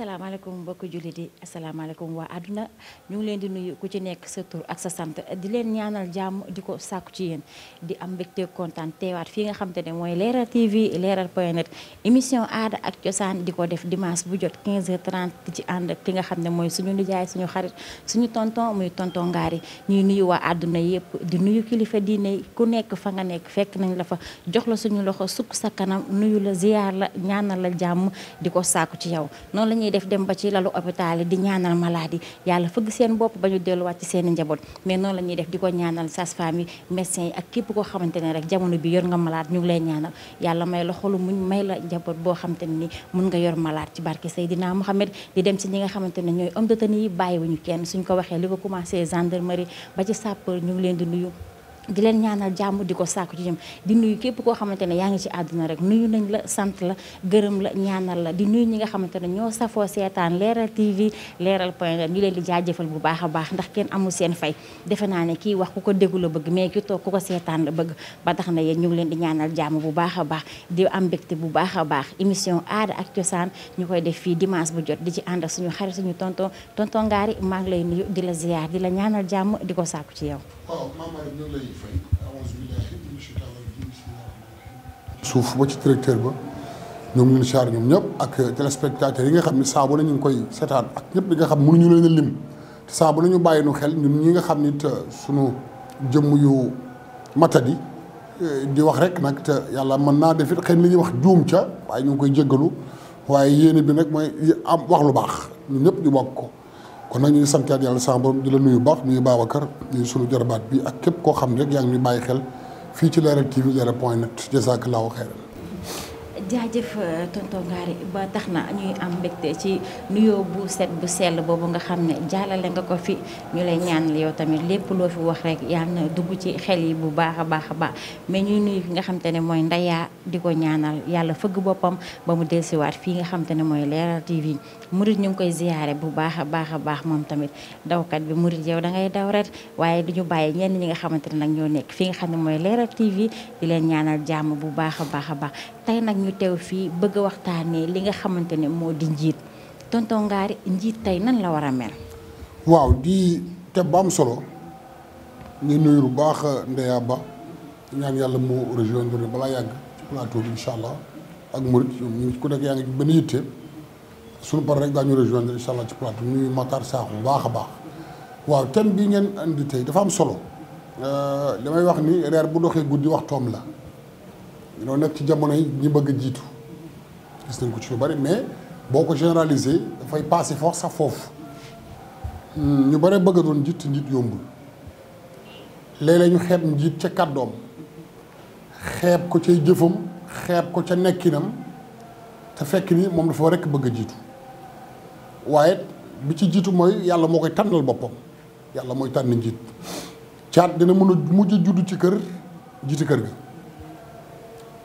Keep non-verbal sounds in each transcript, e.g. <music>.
asalaamaaleykum mbokki jullit yi asalaamaaleykum waa àdduna ñu ngi leen di nuyu ku ci nekk sa tur ak sa sant di leen ñaanal jàmm di ko sàkku ci yéen di am mbégte kontaan teewaat fii nga xam ne mooy leeral TV leeral point émission aada ak cosaan di ko def dimanche bu jot 15 h ci ànd ak ki xam ne mooy suñu nijaay suñu xarit suñu tonton muy tonton Ngari ñuy nuyu waa àdduna yëpp di nuyu kilifa diine ku nekk fa nga nekk fekk nañ la fa jox la suñu loxo sukk sa kanam nuyu la ziyaar la ñaanal la jàmm di ko sàkku ci yow noonu la ñuy def dem ba ci lalu hôpital di ñaanal maladie yàlla fëgg seen bopp ba ñu delluwaat ci seen njaboot mais noonu la ñuy def di ko ñaanal sage-femme yi médecins yi ak képp koo xamante ne rek jamono bi yor nga malade ñu ngi lay ñaanal yàlla may la xolu muñ may la njaboot boo xamante ne ni mun nga yor malade ci barke Seydina Mouhamed di dem ci ñi nga xamante ne ñooy homme de tenue yi bàyyiwuñu kenn suñ ko waxee li ko commencé gendarmerie ba ci sapeur ñu leen di nuyu di leen ñaanal jàmm di ko sàkku ci jëm di nuyu képp koo xamante ne yaa ngi ci àdduna rek nuyu nañ la sant la gërëm la ñaanal la di nuyu ñi nga xamante ne ñoo safoo seetaan leeral TV leeral point net ñu leen di jaajëfal bu baax a baax ndax kenn amul seen fay defe naa ne kii wax ku ko déglu bëgg mais ki ku ko seetaan la bëgg ba tax na yéen ñu ngi leen di ñaanal jàmm bu baax a baax di am mbégte bu baax a baax émission aada ak cosaan ñu koy def fii dimanche bu jot di ci ànd suñu xarit suñu tonton tonton Ngari maa ngi lay nuyu di la ziar di la ñaanal jàmm di ko sàkku ci yaw waaw Mame Malick ñu ngi suuf ba ci directeur ba ñoom ñun char ñoom ñëpp ak téléspectateurs yi nga xam ne saabu na ñu ngi koy seetaan ak ñëpp li nga xam mënuñu leen a lim te saabu nañu bàyyi nu xel ñun ñi nga xam ni euh, suñu jëmm yu matadi euh, di wax rek nag te yàlla mën naa def it xëy na li ñuy wax juum ca waaye ñu ngi koy jéggalu waaye yéene bi nag mooy am wax lu baax ñun ñëpp di bokk ko. kon nag ñu ngi santaat yàlla sama borom di la nuyu baax nuyu Babacar nuyu sunu jarbaat bi ak képp koo xam ne rek yaa ngi bàyyi xel fii ci Leral TV Leral point net jazakallahu xeyran jaajëf euh, tonton Ngari ba tax na ñuy am mbégte ci nuyoo bu set bu sell boobu nga xam ne jàllale nga ko fi ñu lay ñaan yow tamit lépp loo fi wax rek yal na dugg ci xel yi bu baax a baax a baax mais ñuy nuyu ki nga xam ne mooy Ndeya di ñaanal yàlla fëgg boppam ba mu fii nga xam ne mooy Leral TV murit ñu ngi koy ziyaare bu baax a baax a baax moom tamit dawkat bi murit yow da ngay daw ret waaye du ñu bàyyi ñenn ñi nga xamante ne nag ñoo nekk fi nga xam ne mooy Leral TV di leen ñaanal jàmm bu baax a baax a baax teew fii bëgg a waxtaanee li nga xamante ne moo di njiit tonton njiit tey nan la war a mel. waaw di te ba am solo ñu nuyu lu baax Ndeya Ba ñaan yàlla mu rejoindre ne balaa yàgg ci plateau bi allah ak Mouride ñu ku nekk yaa ngi benn yitte suñu par rek daañu rejoindre incha allah ci plateau bi nuyu Matar Sakho bu baax a baax waaw thème bi ngeen indi tey dafa am solo damay euh, wax ni reer bu doxee guddi waxtoom la. dañoo nekk ci jamono yi ñi bëgg jiitu gis nañ ko ci lu bari mais boo ko généraliser dafay passé force sax foofu ñu bare bëgg a doon njiit njiit yombul léeg-léeg ñu xeeb njiit ca kàddoom xeet ko cay jëfam xeeb ko ca nekkinam te fekk ni moom dafa rekk bëgg a jiitu waaye bi ci jiitu mooy yàlla moo koy tànnal boppam yàlla mooy tànn jiit caat dina mën a mujj juddu ci kër jiiti kër ga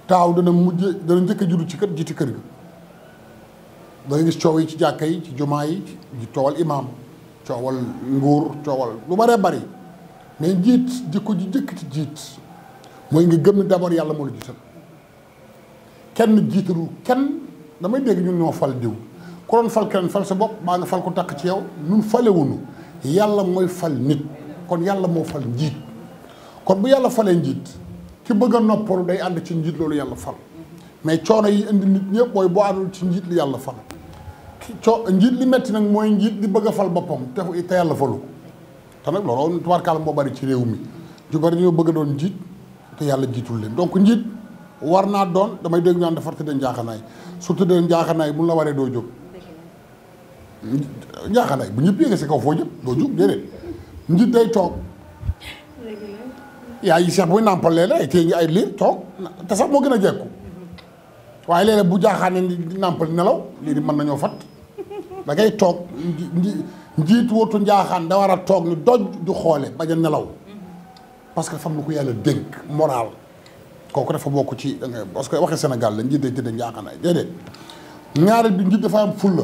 taaw dana mujj dana njëkk a ci kër jiiti kër ga da gis coow yi ci jàkk yi ci jumaa yi ci coowal imaam coowal nguur coowal lu baree bari mais jiit jikko ji njëkk ci jiit mooy nga gëm ne d'abord yàlla moo la jiital kenn jiitalu kenn damay dégg ñu ñoo fal diw ku doon fal keneen fal sa bopp maa ngi fal ko takk ci yow ñun falewunu yàlla mooy fal nit kon yàlla moo fal njiit kon bu yàlla falee njiit ki bëgg a noppalu day ànd ci njiit loolu yàlla fal mais coono yi indi nit ñëpp mooy boo àndul ci njiit li yàlla fal coo njiit li metti nag mooy njiit li bëgg a fal boppam te te yàlla falu te nag loolu tubaarkaal moo bari ci réew mi ju bari ñoo bëgg a doon njiit te yàlla jiitul leen donc njiit war naa doon damay dégg ñaan dafa tëddee njaaxanaay su da njaaxanaay bu la waree doo jóg njaaxanaay bu ñëpp yéegee si kaw foo jëm doo jóg déedéet njiit day toog yaay yi seex buy nàmpal léeg-léeg ay téye ngi ay liir toog te sax moo gën a jekku waaye léeg-léeg bu jaaxaane nàmpal nelaw lii di mën nañoo fat da ngay toog njiit wootu njaaxaan da war a toog ni doj du xoole bañ a nelaw parce que fam lu ko yàlla dénk moral kooku dafa bokk ci da parce que waxee senegal la njiit day tëddee njaaxaan ay déedéet ñaareel bi njiit dafa am fulla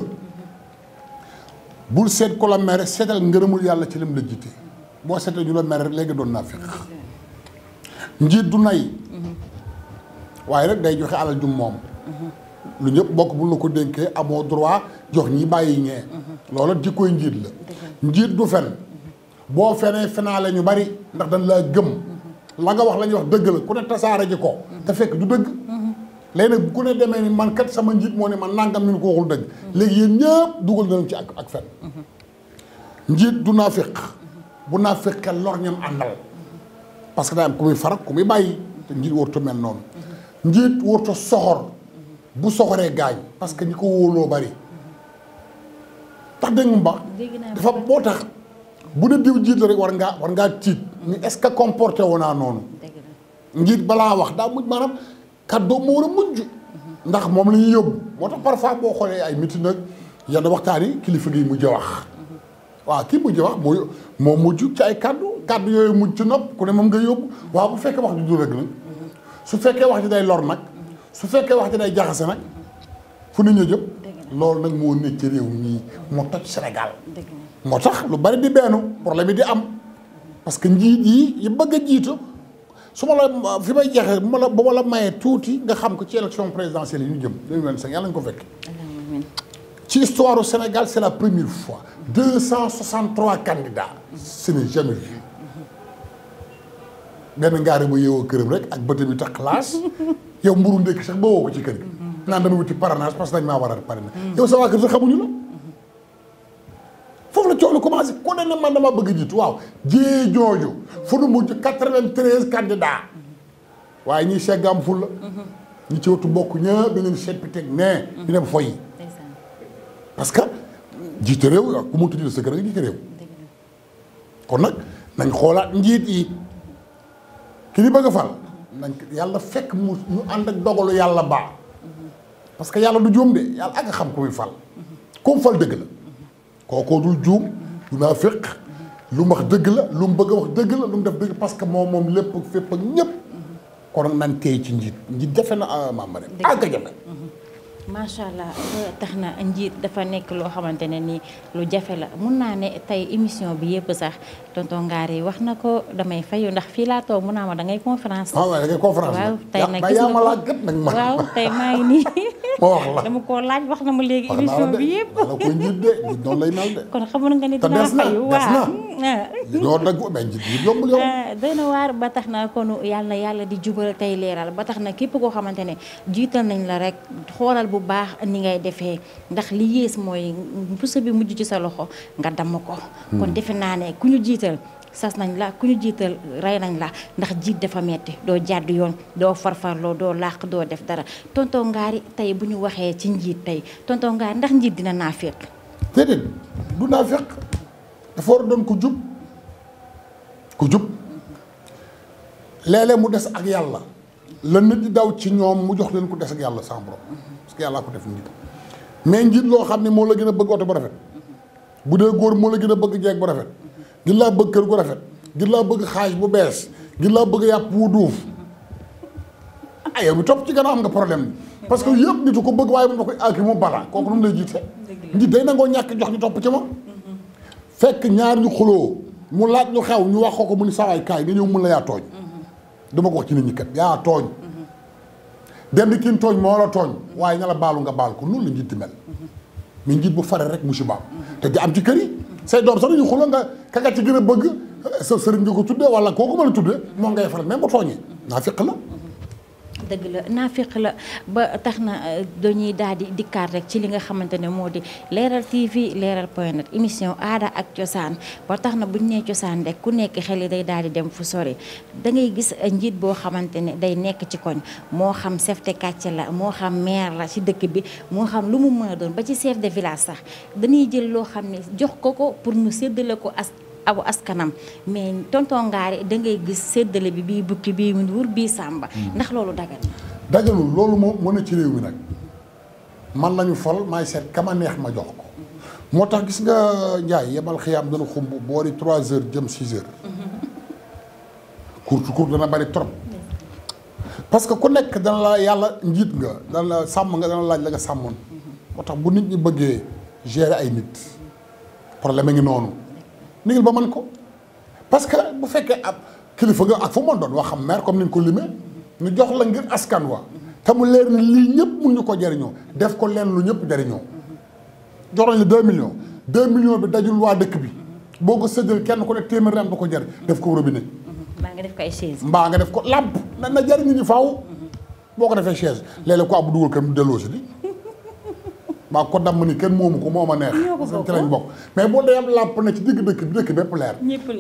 bul seet ko la mere seetal ngërëmul yàlla ci lim la jiite boo seetal ñu la mere léegi doon naa fekk njiit du nay waaye rek day joxe alal ju moom lu ñëpp bokk bu la ko dénkee amoo droit jox ñi bàyyi ñee loola di njiit la njiit du fen boo fenee fenaale ñu bari ndax dañ laa gëm la nga wax la ñuy wax dëgg la ku ne tasaare ji ko te fekk du dëgg léegi nag ku ne demee ni man kat sama njiit moo ne man nangam ñu ko waxul dëgg léegi yéen ñëpp dugal nañu ci ak ak fen njiit du naafiq bu naafiqee lor ñam àndal parce que daa am ku muy faral ku muy bàyyi te njiit warut mel noonu. njiit warut soxor bu soxoree gaañ parce que ñi ko wóoloo bari tax dégg nga dafa boo tax bu ne diw jiit la rek war ngaa war ngaa tiit ni est-ce que comporté woo naa noonu. njiit balaa wax daa mujj maanaam kàddoo mhm. ndax moom la ñuy yóbbu moo tax parfois boo xoolee ay mitin nag yenn waxtaan yi kilifa gi mujj wax. waaw kii mujj wax moo moo mujj ci ay kaddu kàddu yooyu mujj ci nopp ku ne moom nga yóbbu waaw bu fekkee wax ji du rëgg nag su fekkee wax ji day lor nag su fekkee wax ji day jaxase nag fu nit ñi jëm loolu nag moo nekk ci réew mii moo toj Sénégal moo tax lu bari di bennu problème yi di am parce que njiit yi yi bëgg a jiito su ma la fi may jeexee bu ma la bu ma la mayee tuuti nga xam ko ci élection présidentielle yi ñu jëm 2025 yàlla ñu ko fekk ci histoire du Sénégal c'est la première fois 263 candidats ce n'est jamais vu benn ngaari bu yeewoo këram rek ak bëte bi tax classe yow mburu ndékki sax ba ko ci kër gi naan dama wuti parrainage parce que dañ maa a man dama bëgg jiitu waaw jée jooju fu nu mujj quatre-vingt-treize candidats waaye ñi segg am ful la ci watu bokk ñëpp dañ leen seppi teg ne ñu dem foyi parce que jiite réew waaw ku mu tudd sa kër rek jiite réew kon nag nañ xoolaat njiit yi ki di bëgg a fal nañ yàlla fekk mu ñu ànd ak dogalu yàlla baax parce que yàlla du juum de yàlla ak xam ku muy fal ku mu fal dëgg la kookoo dul juum du naa féq lu mu wax dëgg la lu mu bëgg a dëgg la lu def dëgg parce que moom moom lépp fépp ak ñëpp kon nañ tey ci njiit njiit jafe na maam ma dem ak jafe macha allah tax na njiit dafa nekk loo xamante ne nii lu jafe la mun naa ne tey émission bi yëpp sax tonton yi wax na ko damay fayu ndax fii laa toog mun naa ma da ngay ah conférence. waaw da ngay conférence waaw tey nag gis nga waaw tey maa ngi nii. <laughs> dama koo laaj wax na ma léegi émission bi yëpp. kon xamoon nga ni dinaa fayu waaw <laughs> ah, doy na waar ba tax na kon yàlla yàlla di jubal tey leeral ba tax na képp koo xamante ne jiital nañ la rek xoolal bu baax ni ngay defee ndax li yées mooy puso bi mujj ci sa loxo nga damm ko hmm. kon defe naa ne ku ñu jiital sas nañ la ku ñu jiital rey nañ la ndax jiit dafa metti doo jàdd yoon doo farfarloo doo làq doo def dara tonton Ngari tey bu ñu waxee ci njiit tey tonton Ngari ndax njiit dina naa féq déedéet du naa dafa war doon ku jub ku jub léeg mu des ak yàlla la nit di daw ci ñoom mu jox leen ku des ak yàlla sans borom parce que yàllaa ko def nit mais njiit loo xam ne moo la gën a bëgg oto bu rafet bu dee góor moo la gën a bëgg jeeg bu rafet gën laa bëgg kër gu rafet gën laa bëgg xaaj bu bees gën laa bëgg yàpp wu duuf ah yow mi topp ci am nga problème parce que yëpp nitu ko bëgg waaye ah, moom da koy àgg mu bala kooku nu mu lay jiite njiit day nangoo ñàkk jox ñu topp ci ma fekk ñaar ñu xuloo mu laaj ñu xew ñu wax ko ko mu ni sawaay kaay nga ñëw mun la yaa tooñ du ma ko wax ci nit ñi kat yaa tooñ. dem ki tooñ moo la tooñ waaye nga la baalu nga baal ko noonu la njiit di mel. mais njiit bu fare rek musibaam te di am ci kër yi. say doom sax dañuy xuloo nga ka nga ci gën a bëgg sa sëriñ nga ko tuddee wala kooku ma a tuddee moo ngay faral même bu tooñee naa fiq la. dëgg la naafiq la ba tax na euh, dañuy daal di dikkaat rek ci li nga xamante ne moo di leeral TV leeral point net émission aada ak cosaan ba tax na buñ nee cosaan rek ku nekk xel yi day daal di dem fu sori da ngay gis euh, njiit boo xamante ne day nekk ci koñ moo xam chef de quartier la moo xam maire la ci dëkk bi moo xam lu mu mën a doon ba ci chef de village sax dañuy jël loo xam ne jox ko ko pour mu séddale ko as abu askanam mais tonton Ngare da ngay gis séddale bi bii bukki bii nduur bii sàmba mm-hmm. ndax loolu dagan daganul loolu moo mën ci réew mi nag man lañu fal maay seet kama neex ma jox ko moo tax gis nga Ndiaye yebal xiyaam dana xumb boori trois heures jëm six heures courte mm-hmm. courte dana bari trop parce que ku nekk dana la yàlla njiit nga dana la sàmm nga dana laaj la nga sàmmoon mm-hmm. moo tax bu nit ñi bëggee gérer ay nit problème a ngi noonu nigil ba mën ko parce que bu fekkee ab kilifa nga ak fu mu doon wax xam maire comme ni ñu ko limee ñu jox la ngir askan wa te mu leer ni lii ñëpp mun ñu ko jariñoo def ko leen lu ñëpp jariñoo jox nañ la deux millions deux millions bi dajul waa dëkk bi boo ko séddal kenn ku ne téeméer ren ba ko jariñ def ko robinet mbaa nga def ko mbaa nga def ko làmp na na jariñu ñu faaw boo ko defee chaise léeg ko ab dugal kër mu di waaw ko damm ni kenn moomu ko moo ma neex ci lañ bokk mais boo dee am làmp ne ci digg dëkk bi dëkk bépp leer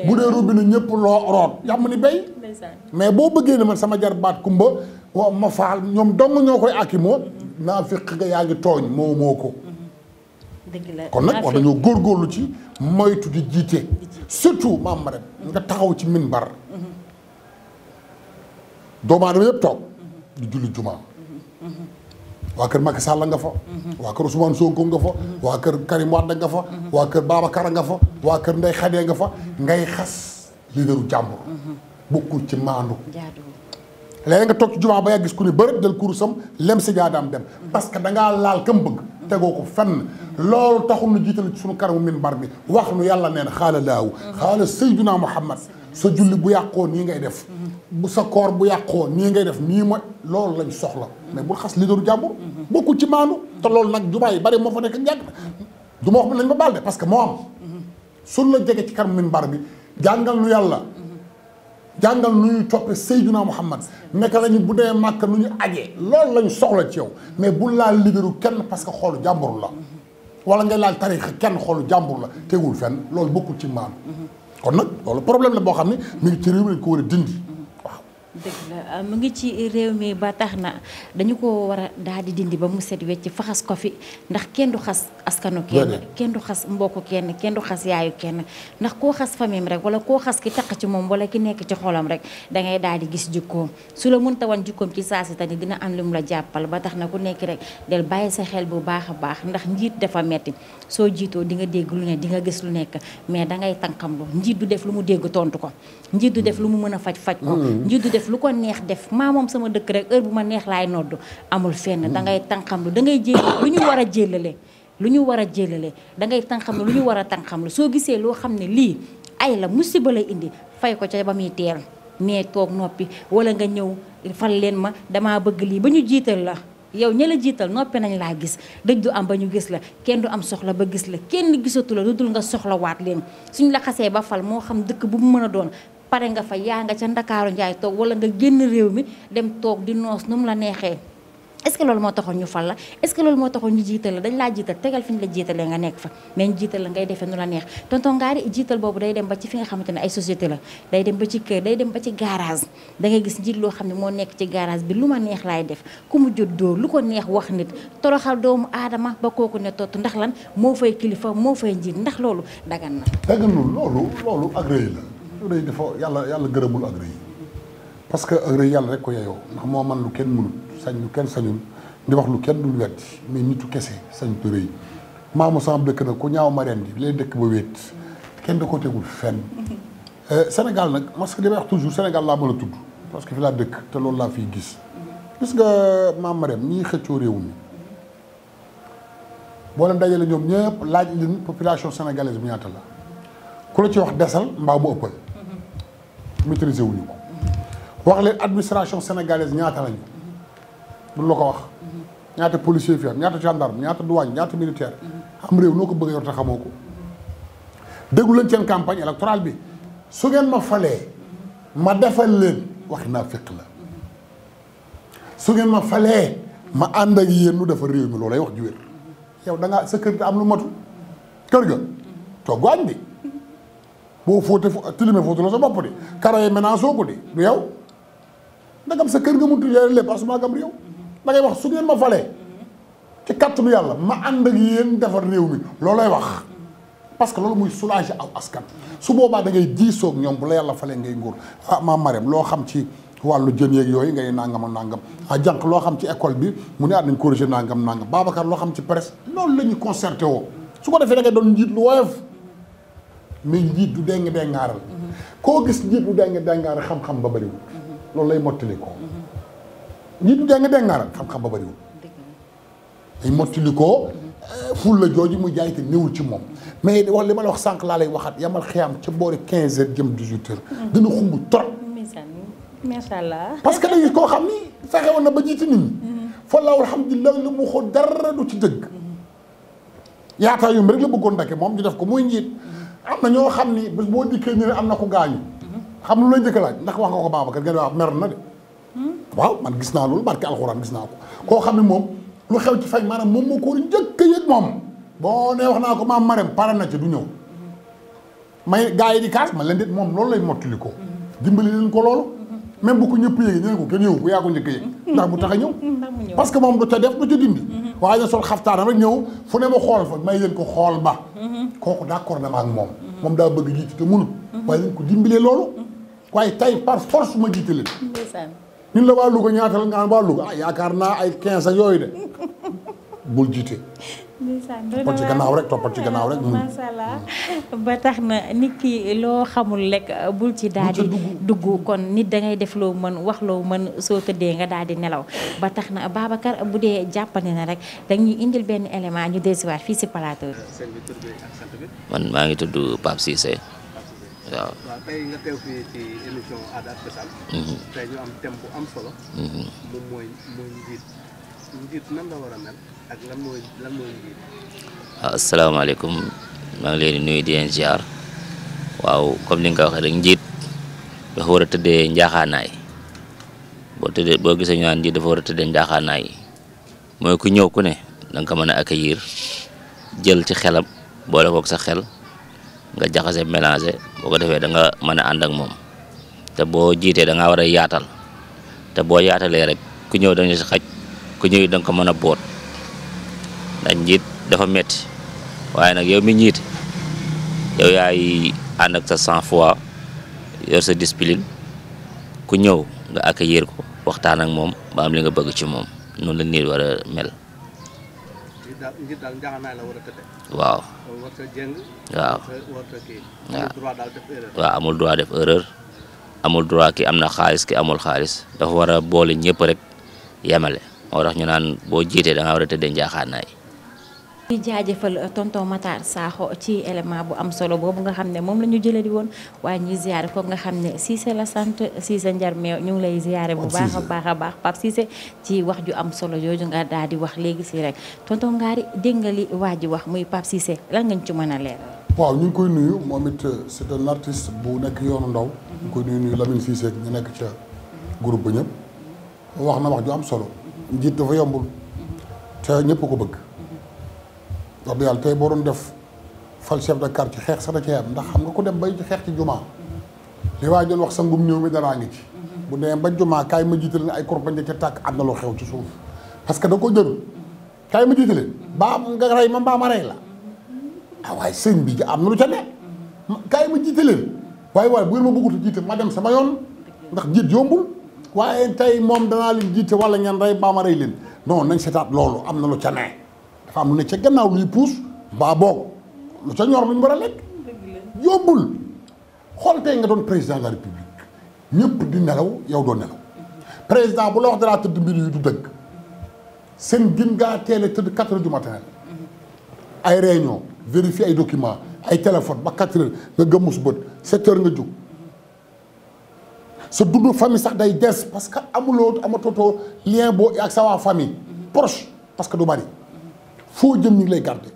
bu dee robinet ñëpp loo root yàmm ni mais boo bëggee ne sama jar baat kumba wa ma faal ñoom dong ñoo koy akimoo naa fiq nga yaa ngi tooñ moomoo moo ko mm-hmm. dëgg kon nag wax dañoo góorlu ci moytu di jiite surtout maam ma rek nga taxaw ci minbar mm-hmm. doomu aadama yëpp toog mm-hmm. di julli jumaa waa kër Macky Sall nga fa. waa kër Ousmane Sonko nga fa. waa kër Karim Wade nga fa. waa kër Babacar nga fa. waa kër Ndeye Khady nga fa. ngay xas leaderu jàmbur. bokkul ci maandu. léegi nga toog ci jumaa ba yaa gis ku ne bërëb dal kurusam lem si jaadaam dem. parce que da ngaa laal kam bëgg. tegoo ko fenn. loolu taxul nu jiital ci sunu karamu minbar bi wax nu yàlla neen xaala laaw. xaala Seydina Muhammad sa julli bu yàqoo nii ngay def bu sa koor bu yàqoo nii ngay def nii ma loolu lañ soxla mais bul xas leaderu jàmbur bokkul ci maanu te loolu nag jumaa yi bari moo fa nekk njàgg du ma wax lañ ma parce que moo am sun la jege ci kanam minbar bi jàngal nu yàlla jàngal nu ñuy toppe Seydina Muhammad nekk lañu bu dee màkk nu ñu ajee lool lañu soxla ci yow mais bul laal leaderu kenn parce que xoolu jàmbur la wala nga laal tariixa kenn xoolu jàmbur la tegul fenn loolu bokkul ci maanu kon nag loolu problème la boo xam ne mi ngi ci réew mi ko war a dëgg euh, mu ngi ci réew mi ba tax na dañu koo war a daal di dindi ba mu set wecc faxas ko fi ndax kenn du xas askanu kenn kenn du xas mbokk kenn kenn du xas yaayu kenn ndax koo xas famille rek wala koo xas ki taq ci moom wala ki nekk ci xolam rek da ngay daal di gis jikkoom su la mun wan jikkoom ci saa si tamit dina am lu mu la jàppal ba tax na ku nekk rek del bàyyi sa xel bu baax a baax ndax njiit dafa metti soo jiitoo di nga dégg lu ne di nga gis lu nekk mais da ngay tànqam lu njiit def lu mu dégg tontu ko njiit def lu mu mën a faj faj lu ko neex def maa sama dëkk rek heure bu ma neex laay nodd amul fenn da ngay tànqam lu da ngay jël lu ñu war a jëlale lu ñu war a jëlale da ngay tànqam lu ñu war a tànqam lu soo gisee loo xam ne lii ay la ba lay indi fay ko ca ba muy teel nee toog noppi wala nga ñëw fal leen ma damaa bëgg lii ba ñu jiital la yow ña la jiital noppi nañ laa gis dëj du am ba ñu gis la kenn du am soxla ba gis la kenn gisatu la lu dul nga soxlawaat leen suñ la xasee ba fal moo xam dëkk bu mu mën a doon pare nga fa yaa nga ca ndakaaru njaay toog wala nga génn réew mi dem toog di noos nu mu la neexee est-ce loolu moo taxoon ñu fal la est-ce loolu moo taxoon ñu jiital la dañ laa jiital fi ñu la jiitalee nga nekk fa mais la ngay defee nu la neex tonton ngaari jiital boobu day dem ba ci fi nga ne ay société la day dem ba ci kër day dem ba ci garage dangay gis njiit loo xam ne moo nekk ci garage bi lu ma neex lay def ku mu jot dóor lu ko neex wax nit toroxal doomu aadama ba kooku ne tott ndax lan moo fay kilifa moo fay njiit ndax loolu dagan na daganul loolu rëy dafa yàlla yàlla gërëmul ak rëy parce que ak yàlla rek ko yeyoo ndax moo man lu kenn mënut sañ lu kenn sañul di wax lu kenn dul weddi mais nitu kese sañ tu rëy maamu sama dëkk nag ku ñaaw marraine bi lay dëkk ba wéet kenn da ko tegul fenn eh, Sénégal nag parce que li may wax toujours Sénégal laa mën a tudd parce que fi laa dëkk te loolu laa fiy gis gis nga maam Marème ñii xëccoo réew mi boo leen dajalee ñoom ñëpp laaj leen population sénégalaise bu ñaata la ku la ci wax desal mbaa mu ëppal maîtriser wuñu ko wax leen administration sénégalaise ñaata lañu duñ la ko wax ñaata policier fi am ñaata gendarme ñaata douane ñaata militaire am réew noo ko bëgg a yor te xamoo ko déglu leen campagne électorale bi su ngeen ma falee ma defal leen waxi naa fekk la su ngeen ma falee ma ànd ak yéen nu defal réew mi loolay wax ju yow da ngaa am lu matu kër ga togg waañ bi boo fóote tilimee fóotu la sa bopp di kara yi ménage soo ko di du yow ndagam sa kër nga mu tuddee lépp asuma gam réew da ngay wax su ngeen ma falee ci kàttanu yàlla ma ànd ak yéen defar réew mi loolay wax parce que loolu muy soulager aw askan su boobaa da ngay diisoog ñoom bu la yàlla falee ngay nguur ah maam Marème loo xam ci wàllu jën yeeg yooyu ngay nangam ak nangam ah jànq loo xam ci école bi mu ne ah nañ corrigé nàngam nangam Babacar loo xam ci presse loolu la ñu concerté woo su ko defee da doon njiit lu woyof mais njiit du deng dengaaral koo gis njiit du deng dengaaral xam-xam ba bëriwul loolu lay mottali ko njiit du deng dengaaral xam-xam ba bëriwul lay mottali ko eh, ful la jooju mu jaay te néewul ci moom mais wax li ma la wax sànq laa lay waxaat yamal ca boori quinze heures jëm dix-huit heures dina macha allah parce que dañu koo xam ni fexe woon na ba jiiti nit ñi fa laaw alhamdulilah lu mu xoo dara du ci dëgg yaataayum rek la bëggoon ndake moom di def ko mooy njiit am na ñoo xam ni bés boo dikkee ñu ne am na ko gaañu xam lu lay njëkk laaj ndax wax nga ko Babacar nga ne waaw na waaw man gis naa loolu barke alxuraan gis naa ko koo xam ne moom lu xew ci fay maanaam moom moo ko njëkk a moom boo nee wax naa ko maam Marème pare na ci du ñëw may gars yi di kaas ma leen dit moom loolu lay mottili ko dimbali leen ko loolu même bu ko ñëpp yëgee ñu ko kenn yëgu ko yaa ko njëkk a yëg ndax mu tax a ñëw parce que moom du ca def du ca dindi waaye na sol xaftaanam rek ñëw fu ne ma xool fa may leen ko xool ba kooku d'accord na ak moom moom daa bëgg jiite te mënul waaye leen ko dimbalee loolu waaye tey par force ma jiite leen ñun la waa Louga ñaata la nga waa Louga ah yaakaar naa ay quinze ak yooyu de bul jiite. toppal ci gannaaw rek toppal ci gannaaw rek. <laughs> macha ba tax na nit ki loo xamul lekk bul ci daal di dugg kon nit da ngay def loo mën wax loo mën soo tëddee nga daal di nelaw ba tax na baabakar bu dee jàppandi na rek dañuy indil benn élément ñu desiwaat fii si plateau bi. man maa ngi tudd Pape Cissé. waaw ak lan mooy ah, maa ngi leen di nuyu di leen waaw comme ni nga ko waxee rek njiit dafa war a tëddee njaaxaanaay boo tëddee boo gisee ñu naan njiit a tëddee njaaxaanaay mooy ku ñëw ku ne danga ko mën a accueillir jël ci xelam boole kook sa xel nga jaxase mélangé boo ko defee da nga mën a ànd ak moom te boo jiitee da ngaa war a yaatal te boo yaatalee rek ku ñëw dañu si xaj ku ñëw danga nga ko mën a boot ndax njiit dafa metti waaye nag yow mi njiit yow yaay ànd ak sa cent fois yor sa discipline ku ñëw nga yér ko waxtaan ak moom ba am li nga bëgg ci moom noonu la nit war a mel. waaw. waaw. amul droit def erreur amul droit ki am na xaalis ki amul xaalis dafa war a boole ñëpp rek yemale moo tax ñu naan boo jiitee da nga war a njaaxaanaay di jaajëfal tonton Matar Sakho ci élément bu am solo boobu nga xam ne moom la ñu jëlee di woon waaye ñuy ziare ko nga xam ne Cissé la sant Cissé Njarmeew ñu ngi lay ziare bu baax a baax a baax Pape Cissé ci wax ju am solo jooju nga daal di wax léegi si rek tonton Ngari dégg nga li waa ji wax muy Pape Cissé lan nga ñu ci mën a leer. waaw ñu ngi koy nuyu moom it euh, c'est un artiste bu nekk yoonu ndaw. ñu koy nuyu nuyu Lamine Cissé ñu nekk ca groupe ba ñëpp wax na wax ju am solo. njiit dafa yombul te ñëpp ko bëgg. wax yàlla tey boo doon def fal chef de quartier xeex sa da cee am ndax xam nga ko dem ba xeex ci jumaa li waa doon wax ngum néew mi danaa ngi ci. bu demee ba jumaa kaay ma jiital ay kurbañ da tàkk am na lu xew ci suuf que da ko jël kaay ma jiitale baa nga ma mbaa ma rey la ah waaye am na lu ca ne kaay ma jiitale waaye waaye bu ngeen ma bëggut a jiite ma dem sama yoon ndax jiit yombul waaye tey moom danaa leen jiite wala ngeen rey mbaa ma rey leen non nañ seetaat loolu am na lu ca ne. dafa am na ne ca gannaaw luy puus baa boog lu ca ñor lu ñu war a lekk yóbbul xool nga doon président de la république ñëpp di nelaw yow doo nelaw président bu la wax danaa tëdd mbir yi du dëgg seen gin ngaa teel tëdd quatre heures du matin ay réunion vérifier ay documents ay téléphone ba quatre heures nga gëmmus bët sept nga jóg sa dund famille sax day des parce que amuloo amatootoo lien boo ak sa waa famille proche parce que du bari foo jëm ñu ngi lay garde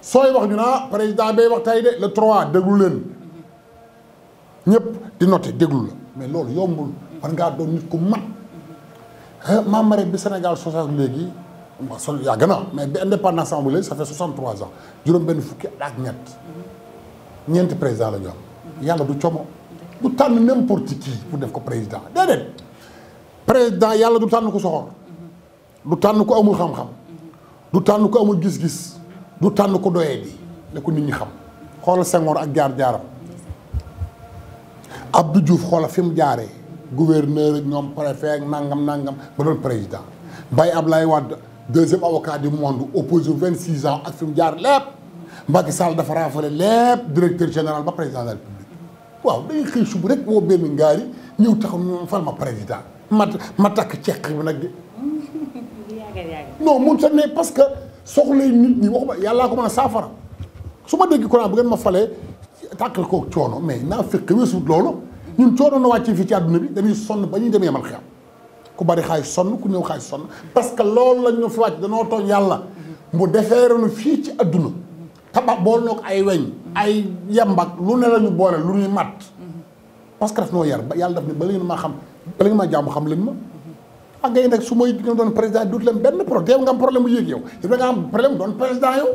sooy wax ñu naa président bay wax tey de le trois déglu leen ñëpp di noté déglu la mais loolu yombul war ngaa doon nit ku mat eh, maam rek bi Sénégal soixante léegi waaw sol yàgg na mais bi indépendance am léegi ça fait soixante trois ans juróom benn fukki ak ñett ñeenti président la ñu am yàlla du como du tànn n'importe qui pour def ko président déedéet président yàlla du tànn ko soxor du tànn ko amul xam-xam du tànn ko amul gis-gis du tànn ko doyee bi ne ko nit ñi xam xoolal Senghor ak jaar-jaaram Abdou Diouf xoolal fi mu jaaree gouverneur ak ñoom préfet ak nangam nangam ba doon président Baye Ablaye Wade deuxième avocat du monde opposé vingt six ans ak fi mu jaar lépp Macky Sall dafa raafale lépp directeur général ba président la République waaw dañuy xëy subu rek woo benn ngaari ñëw taxaw ñu fal ma président ma ma takk ceq bi nag de non mun sa ne parce que soxlay nit ñi wax yàllaa ko mën a saafara su ma dégg courant bu ngeen ma falee tàkkal ko coono mais naa fekk weesuut loolu ñun coono na wàcc fii ci àdduna bi damay sonn ba ñuy demee yemal xiyam ku bari xaay sonn ku ñëw xaay sonn parce que loolu lañ ñu fi wàcc danoo tool yàlla mu defee defeeranu fii ci àdduna tabax bool noo ay weñ ay yambak lu ne la ñu boole lu ñuy mat parce que daf noo yar ba yàlla daf ne ba ngeen maa xam bala ngeen maa xam leen ma ah yi nag su ma may dina doon président dut leen benn problème nga am problème bu yéeg yow am problème doon président yow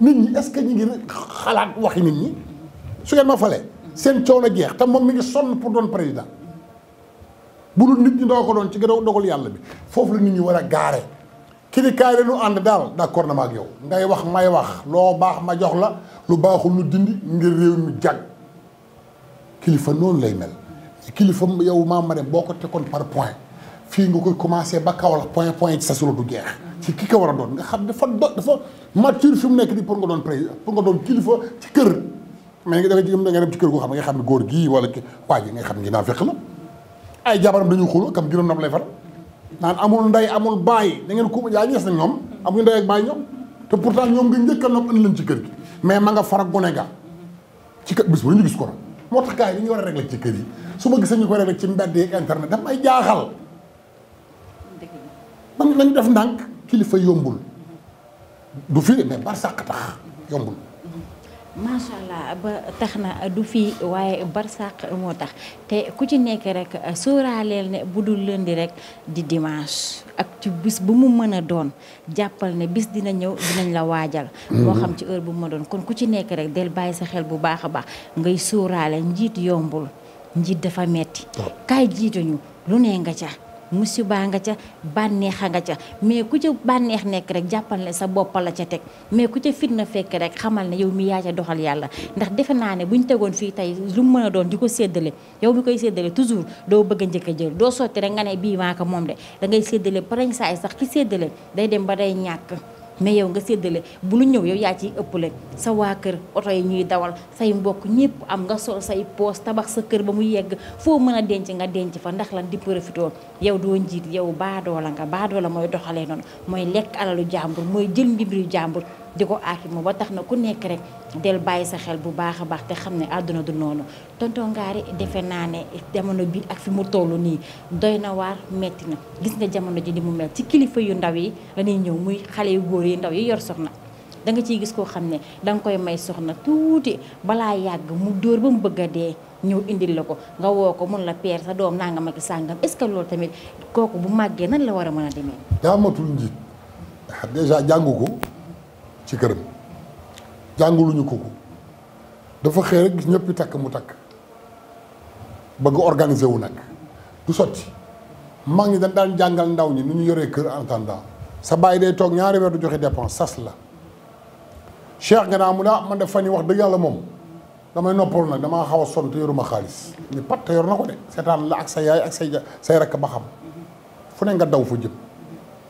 nit ñi est-ce que ñu ngi xalaat waxi nit ñi su ngeen ma falee seen coono jeex te moom mi ngi sonn pour doon président bu dul nit ñi doo ko doon ci gën a dogal yàlla bi foofu la nit ñi war a gaare kaare lañu ànd daal d'accord na ma ak yow ngay wax may wax loo baax ma jox la lu baaxul lu dindi ngir réew mi jag kilifa noonu lay mel kilifam yow maam ma dem boo ko tekkoon par point fii nga koy commencé ba kaw la point point ci sa solo du jeex. ci ki war a doon nga xam dafa do dafa mature fi mu nekk nii pour nga doon président pour nga doon kilifa ci kër. mais nga dem nga dem ci kër goo xam ne nga xam ne góor gii wala waa ji nga xam ne naa fekk la ay jabaram dañuy xuloo kam juróom nam lay faral naan amul ndey amul da ngeen ko yaa ñees ñoom amuñu ndey ak baay ñoom te pourtant ñoom nga ci kër mais ma nga far ak gone ga ci kër bis bu ñu gis ko moo tax gars yi dañuy war a régler ci kër yi su ma gisee ñu koy rek ci mbedd yeeg internet daf may jaaxal. man nañ def ndànk kilifa yombul. du fi mais bar sàq tax yombul. macha allah ba tax na du fii waaye barsàq moo tax te ku ci nekk rek sóoraaleel ne bu dul lundi rek di dimanche ak ci bis bu mu mën a doon jàppal ne bis dina ñëw dinañ la waajal. Mhm. moo xam ci heure bu ma doon kon ku ci nekk rek del bàyyi sa xel bu baax a baax ngay sóoraale njiit yombul. njiit dafa metti kay jiite ñu lu nee nga ca musiba nga ca bànneex a nga ca mais ku ca bànneex nekk rek jàppale ne sa boppa la ca teg mais ku ca fitna fekk rek xamal na yow mi yaa ca doxal yàlla ndax defe naa ne bu ñu tegoon fii tey lu mu mën a doon di ko séddale yow mi koy séddale toujours doo bëgg a njëkk a jël doo sotti rek nga ne bii maa ko moom de da ngay séddale parañ saay sax ki séddale day dem ba day ñàkk mais yow nga séddale bu lu ñëw yow yaa ciy ëppale sa waa kër oto yi ñuy dawal say mbokk ñëpp am nga sol say poos tabax sa kër ba mu yegg foo mën a denc nga denc fa ndax lan di profitoo yow doo njiit yow baadoo la nga baadoo la mooy doxalee noonu mooy lekk alalu jàmbur mooy jël mbir yu jàmbur di ko aaki ba tax na ku nekk rek del bàyyi sa xel bu baax a baax te xam ne àdduna du noonu tonton Ngari defe naa ne jamono bi ak fi mu toll nii doy na waar metti na gis nga jamono ji di mu mel ci kilifa yu ndaw yi la ñuy ñëw muy xale yu góor yi ndaw yi yor soxna da ciy gis koo xam ne da nga koy may soxna tuuti balaa yàgg mu dóor ba mu bëgg a dee ñëw indil la ko nga woo ko mën la peer sa doom naa nga mag sàngam est que loolu tamit kooku bu màggee nañ la war a mën a demee. daa matul njiit jàngu ko. ci këram jànguluñu ko ko dafa xëy rek gis ñëpp takk mu takk bëgg organiser wu nag du sotti mag ñi dañ daan jàngal ndaw ñi ni ñu yoree kër en sa bàyyi day toog ñaari weer du joxe dépense sas la cheikh nga naa mu ne ah, man def fan yi wax dëgg yàlla moom damay noppalu nag damaa xaw a sonn te yoruma xaalis ni pat te yor na ko de seetaan la ak sa yaay ak say say rakk ba xam fu ne nga daw fu jëm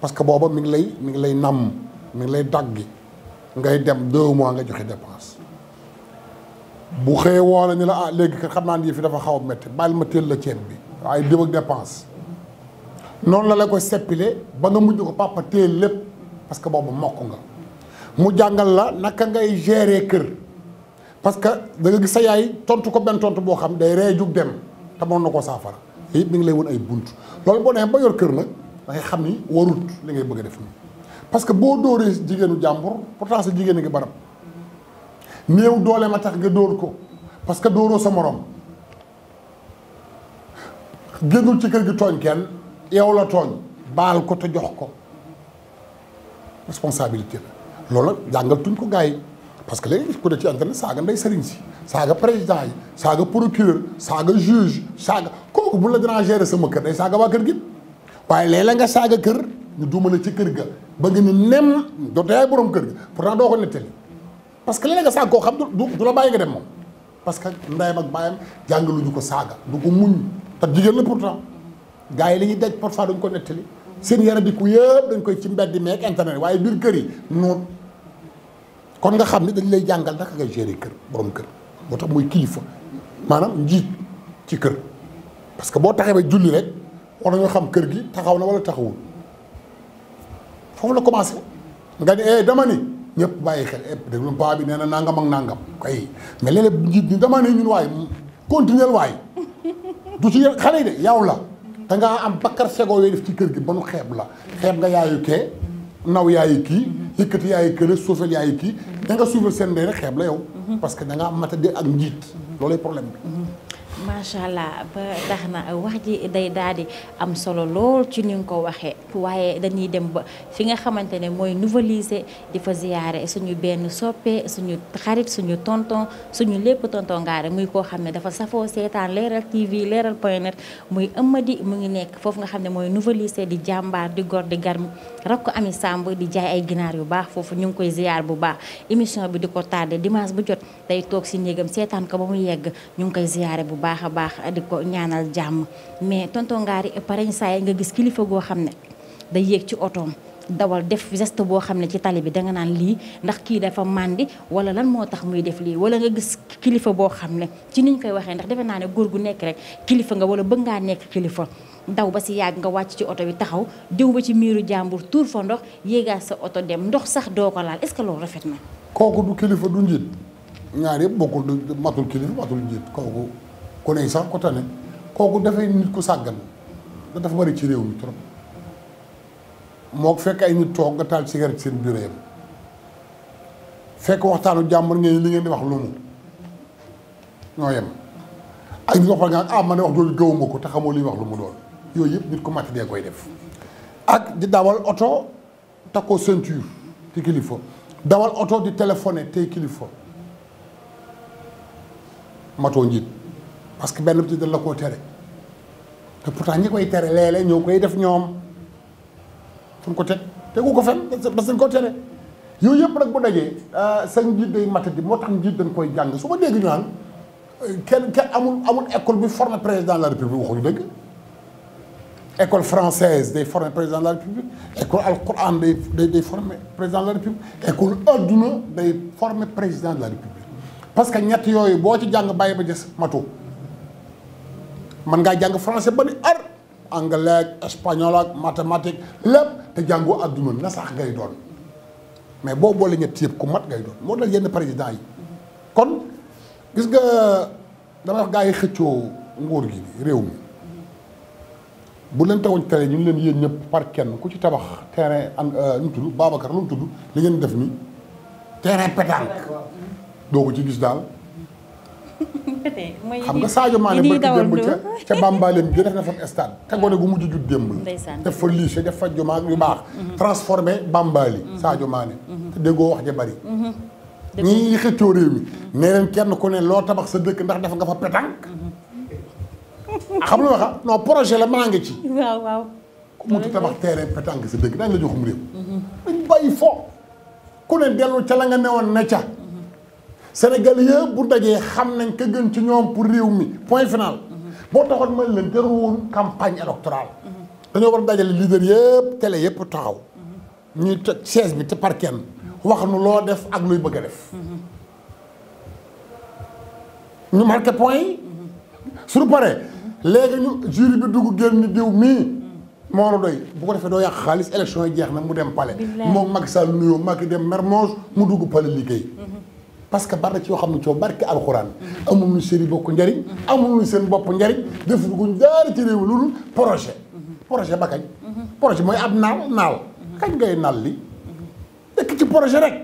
parce que booba mi ngi lay mi ngi lay namm mi ngi lay daggi ngay dem deux mois nga joxe dépense bu xëyee woo la ni la ah léegi kat xam naa ni fi dafa xaw a métti bàyyi ma teel la ceeb bi waaye diw ak dépense noonu la la ko seppile ba nga mujj ko papa teel lépp parce que boobu mokk nga mu jàngal la naka ngay gere kër parce que da nga gis sa yaay tontu ko benn tontu boo xam day ree jug dem tamoon na ko saafara yëpp mi ngi lay won ay bunt loolu boo nee ba yor kër nag da xam ni warut li ngay bëgg a def nii parce que boo dooree jigéenu jàmbur pourtant sa jigéen a ngi barab néew doole ma tax nga dóor ko parce que dóoroo sa morom génnul ci kër gi tooñ kenn yow la tooñ baal ko te jox ko responsabilité la loolu tuñ ko gars yi parce que léegi ku ne ci internet saaga ndey sëriñ si saaga président yi saaga procureur saaga juge saaga kooku bu la dinaa gérer sama kër day saaga waa kër gi waaye léeg-léeg nga saaga kër ñu duumale ci kër ga bëgg ni nem doonte yaay borom kër gi pourtant doo ko nettali parce que leneen nga saag koo xam du la bàyyi nga dem moom parce que ndayam ak bàyyam jàngaluñu ko saaga du ko muñ te jigéen la pourtant gars yi li ñuy daj parfois duñ ko nettali seen yara bi ku yëpp dañ koy ci mbedd meeg internet waaye biir kër yi noonu kon nga xam ne dañ lay jàngal naka nga gérer kër borom tax muy kilifa maanaam njiit ci kër parce que boo taxee ba julli rek war nañoo xam kër gi taxaw na wala taxawul foofu la commencé nga ni eh dama ni ñëpp bàyyi xel eh déglu paa bi nee na nangam ak nangam kay mais léeg-léeg ñu dama ni ñun waay continuer waay du ci xale yi de yow la te ngaa am bakkar segoo yooyu def ci kër gi ba nu xeeb la xeeb nga yaayu kee naw yaayu kii yëkkati yaayu kële suufel yaayu kii da nga suufel seen ndey rek xeeb la yow mhm. parce que da ngaa matadi ak njiit loolay problème bi mhm. macha allah ba tax na wax ji day daal di am solo lool ci ni nga ko waxee waaye dañuy dem ba fi nga xamante ne mooy nouveliser di fa ziyaare suñu benn soppe suñu xarit suñu tonton suñu lépp tonton ngaare muy koo xam ne dafa safoo seetaan leeral TV leeral point net muy Eumeudi mu ngi nekk foofu nga xam ne mooy nouveliser di jàmbaar di gor di garmi rakk Ami Samb di jaay ay ginaar yu baax foofu ñu ngi koy ziyaar bu baax émission bi di ko tardé dimanche bu jot day toog si néegam seetaan ko ba mu yegg ñu ngi koy ziyaare bu baax a baax di ko ñaanal jàmm mais tonton Ngari pareñ saa nga gis kilifa goo xam ne day yéeg ci otoom dawal def geste boo xam ne ci tali bi danga naan lii ndax kii dafa màndi wala lan moo tax muy def lii wala nga gis kilifa boo xam ne ci ni ñu koy waxee ndax defe naa ne góor gu nekk rek kilifa nga wala bëgg nekk kilifa ndaw ba si yàgg nga wàcc ci oto bi taxaw jëw ba ci miiru jàmbur tuur fa ndox yéegaat sa oto dem ndox sax doo ko laal est loolu rafet na. kooku du kilifa du njiit ñaar yëpp bokkul du matul kilifa matul njiit kooku ku ne sax ko tane kooku dafay nit ku sàggan dafa bari ci réew mi trop moo fekk ay nit toog nga taal ci cigarette seen biir yam fekk waxtaanu jàmbur ngeen li ngeen di wax lu mu ñoo yem ak ñu wax nga ah man ne wax jooju gëwuma ko te xamoo li wax lu mu doon. yooyu yëpp nit ku mat dee koy def ak di dawal oto takkoo ceinture te kilifa dawal oto di téléphoné tey kilifa matoo njiit parce que benn petit dañ la koo tere te pourtant ñi koy tere léeg-léeg ñoo koy def ñoom fu ko teg tegu ko fen parce que ko tere yooyu yëpp nag bu dajee ah, sa njiit day matadi moo tax njiit dañ koy jàng su ma dégg ñu naan eh, kenn kenn amul amul école bi forme président de la république waxuñu dëgg école française day former président de la république école alquran day day day président de la république école adduna day former président de la république parce que ñett yooyu boo ci jàng bàyyi ba des matu mën ngaa jàng français ba ni ar anglais ak espagnol ak mathématique lépp te jàngoo adduna na sax ngay doon mais boo boole ñett yëpp ku mat ngay doon moo dal yenn président yi kon gis nga dama wax gaa yi xëccoo nguur gi réew mi bu leen tegoon tere ñu leen yéen ñëpp par kenn ku ci tabax terrain an lu euh, mu tudd Babacar lu mu tudd li ngeen def ni terrain pétanque doo ko ci gis daal. <laughs> xam nga Sadio Mané ba démb ca ca Bambalem bi def na fa stade <laughs> te gone gu mujj jut démb la def fa lycée def fa jumaa yu baax mhm. transformé Bambali mhm. Sadio maani mhm. te déggoo wax ja bari ñi xëccoo réew mi nee leen kenn ku ne loo tabax sa dëkk ndax def nga fa pétanque xam nga waxa non projet la maa ngi ci. waaw waaw. ku mu tabax terrain pétanque sa dëkk daañu la joxum réew. bi bàyyi fo. ku ne dellu ca la nga newoon ne ca. Sénégal yëpp bu dajee xam nañ ka gën ci ñoom pour réew mi point final. boo taxoon mooy leen jarul campagne électorale. dañoo war a dajale leader yëpp télé yëpp taxaw. ñu toj chaise bi te par kenn wax nu loo def ak luy bëgg a def. ñu marqué point yi. su ñu paree. léegi ñu jury bi dugg génn diw mii moo la doy bu ko defee doo yàq xaalis élection yi jeex na mu dem pale moom Macky Sall nuyoo Macky dem Mermoz mu dugg pale liggéey parce que bari ci yoo xam ne coow barke alxuraan amul ñu seen bokk njariñ amul ñu seen bopp njariñ def guñ daara ci réew loolu projet projet ba kañ mhm. projet mooy ab naal naal kañ ngay naal li dëkk ci projet rek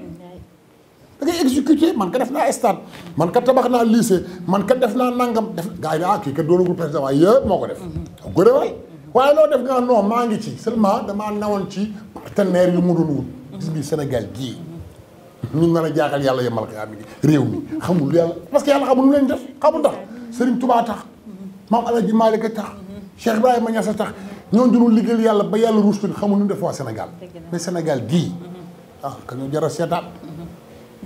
da ngay man ka def naa stade man ka tabax naa lycée man ka def naa nangam def gars yi ne ah kii kat doonagul président moo ko def. góor a waay waaye loo nga non maa ngi ci seulement damaa nawoon ci partenaire yu mu doon wut. gis ngi Sénégal gii ñu nar a jaaxal yàlla yemal ko yaa réew mi xamul yàlla parce que yàlla xamul lu leen def xamul ndax Serigne Touba tax maam El Hadj Malick tax Cheikh Ibrahima Niass tax ñoo doon liggéeyal yàlla ba yàlla ruus xamul nu def waa Sénégal mais Sénégal gii ah, ka ñu jar a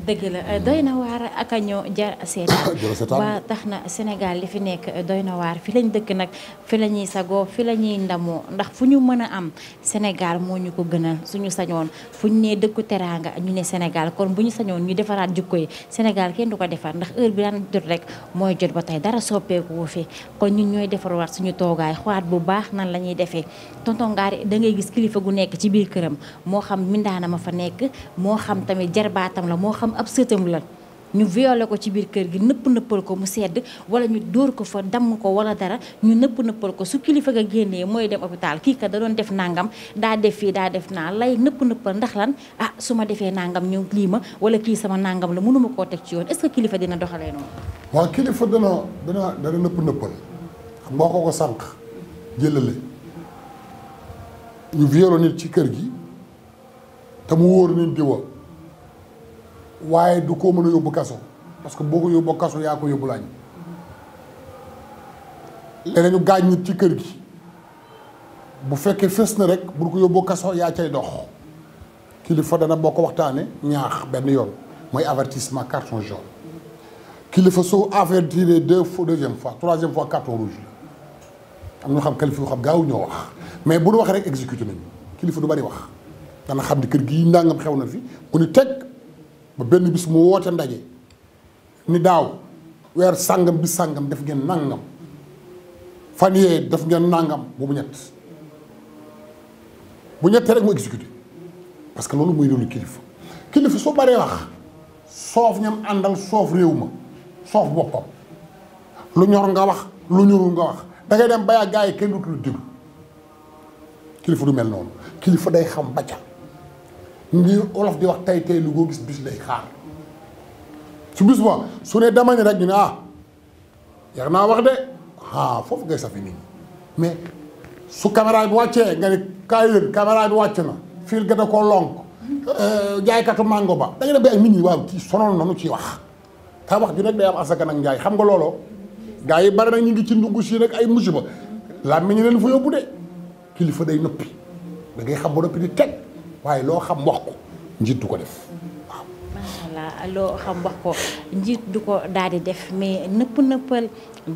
dëgg la euh, doy na waar ak a ñoo jar <coughs> seetaan ba tax na Sénégal li fi nekk euh, doy na waar fi lañ dëkk nag fi la ñuy sagoo fi la ñuy ndamoo ndax fu ñu mën a am Sénégal moo ñu ko gënal suñu sañoon fu ñu dëkku teraanga ñu ne Sénégal bu ñu sañoon ñu defaraat jukko yi Sénégal kenn du ko defar ndax heure bi daan jot rek mooy jot ba tey dara soppeeku fi kon ñu ñooy defarwaat suñu toogaay xawaat bu baax nan la ñuy defee tonton Ngaari da gis kilifa gu nekk ci biir këram moo xam mindaana ma fa nekk moo xam tamit jarbaatam la moo xam ab sëtam la ñu violé ko ci biir kër gi nëpp nëppal ko mu sedd wala ñu dóor ko fa damm ko wala dara ñu nëpp nëppal ko su kilifa ga génnee mooy dem hôpital kii ka da doon def nangam daa def fii daa def naa lay nëpp nëppal ndax lan ah su ma defee nangam ñu lii wala kii sama nangam la mënuma koo teg ci yoon est kilifa dina doxalee noonu. waaw kilifa dana dana nëpp nëppal xam ko ko sànq jëlale ñu violé nit ci kër gi te mu wóor nit di wa waaye du koo mën a yóbbu kaso parce que boo ko yóbbu kaso yaa ko yóbbu lañ léeg ñu gaañ nit ci kër gi bu fekkee fës na rek bu ko yóbbu kaso yaa cay dox kilifa dana boo ko waxtaane ñaax benn yoon mooy avertissement carton jaune kilifa soo avertir deux fois deuxième fois troisième fois carton rouge la am na xam kilifa yoo xam gaaw ñoo wax mais bu nu waxee rek exécuté nañu kilifa du bari wax dana xam ni kër gi nangam xew na fi mu ni teg ba benn bis mu woote ndaje ni daaw weer sàngam bi sàngam def ngeen nàngam fan yee def ngeen nàngam bu ñett bu ñettee rek mu exécuté parce que loolu mooy loolu kilifa kilifa soo baree wax soof ñam àndal soof réew ma soof boppam lu ñor nga wax lu ñorul nga wax da dem bayaa gaa yi kenn dootul déglu kilifa du mel noonu kilifa day xam ba ngir olof di wax tay tay lu koo gis bis lay xaar su bis ba su ne dama ne rek ñu ne ah yar naa wax de ah foofu ngay safi nit mais su caméra bi wàccee nga ne kaay leen caméra bi wàcc na fil gën a koo lonk euh, jaaykatu mango ba da nga dem ba ay nit ñi waaw kii sonal nanu ci wax te wax ju nekk day am asaka nag njaay xam nga looloo gaa yi bari nag ñu ngi ci ndugg si rek ay musiba làmmiñ leen fa yóbbu de kilifa day noppi da ngay xam ba noppi di teg waaye loo xam wax ko njiit du ko def waaw. allah loo xam wax ko njiit du ko daal def mais nëpp nëppal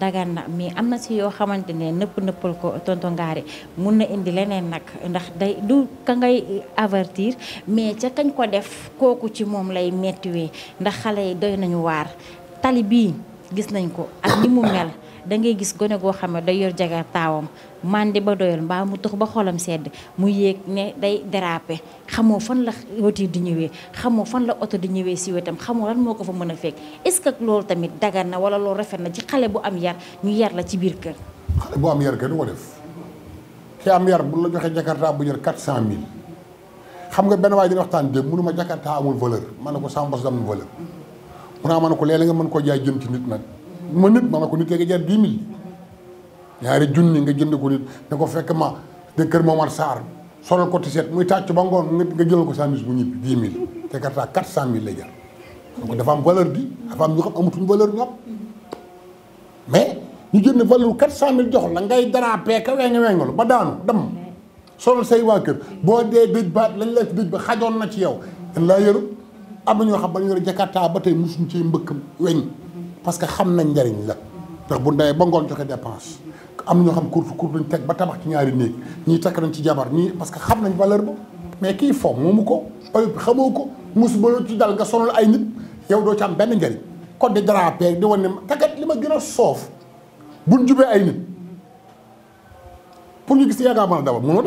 dagana na mais am na si yoo xamante ne nëpp nëppal ko tonton mun na indi leneen nag ndax day du ka ngay avertir mais ca kañ ko def kooku ci moom lay mettiwee ndax xale yi doy nañu waar tali bii gis nañ ko ak ni mu mel. <coughs> da ngay gis gone goo xam ne day yor jagar taawam mandi ba doyal mbaa mu tux ba xolam sedd mu yéeg ne day déraper xamoo fan la wati di ñëwee xamoo fan la oto di ñëwee si wetam xamoo lan moo ko fa mën a fekk est-ce que loolu tamit dagan na wala loolu rafet na ci xale bu am yar ñu yar la ci biir kër. xale bu am yar kër du ko def ki am yar bu la joxee jakarta bu jar 400000 xam nga benn waay dina waxtaan démb mënu ma jakarta amul valeur man ko sama bos am valeur. mun naa ma ne ko léeg-léeg mën koo jaay jëm ci nit ma nit ma ne ko nit léegi jar dix mille ñaari junni nga jënd ko nit da ko fekk ma de kër Momar Sarr solal ko ti set muy tàcc ba ngoon nga jëlal ko sandwich bu ñibbi dix mille te kartaa quatre cent mille lay jar donc bi dafa am ñu xam amatuñu valeur bi mais ñu jënd valeur quatre cent mille jox la ngay daraapee ka wee nga ba daanu dem solal say waa kër boo dee dëj ba lañ la dëj ba xajoon na ci yow dañ laa yëru am na ñoo xam ba ñu yore jakarta ba tey mosuñ cee mbëkkam weñ parce que xam nañ njariñ la ndax bu ndawee ba ngoon joxe dépense am ñoo xam kurtu kurtu ñu teg ba tabax ci ñaari néeg ñii takk nañ ci jabar ñii parce que xam nañ valeur ba mais kii moo moomu ko ayub xamoo ko musiba lu ci dal nga sonal ay nit yow doo ci benn njariñ kon di drapeer di wane takat li ma gën a soof buñ jubee ay nit pour ñu gis yaa a dawal mënoo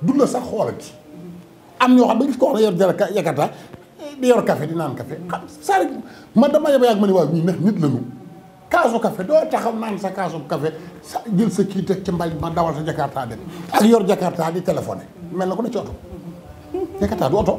du la sax xoolati am ñoo xam ne gis ko wax ne yor jara yakata di yor café di naan café xam saa rek ma dama yaba yàgg ma ne waaw ñii ndax nit lañu kaasu café doo taxaw naan sa kaasu café sa jël sa kii teg ci mbay ma dawal sa jakarta dem ak yor jakarta di téléphoné mel na ko ne ci oto jakarta du oto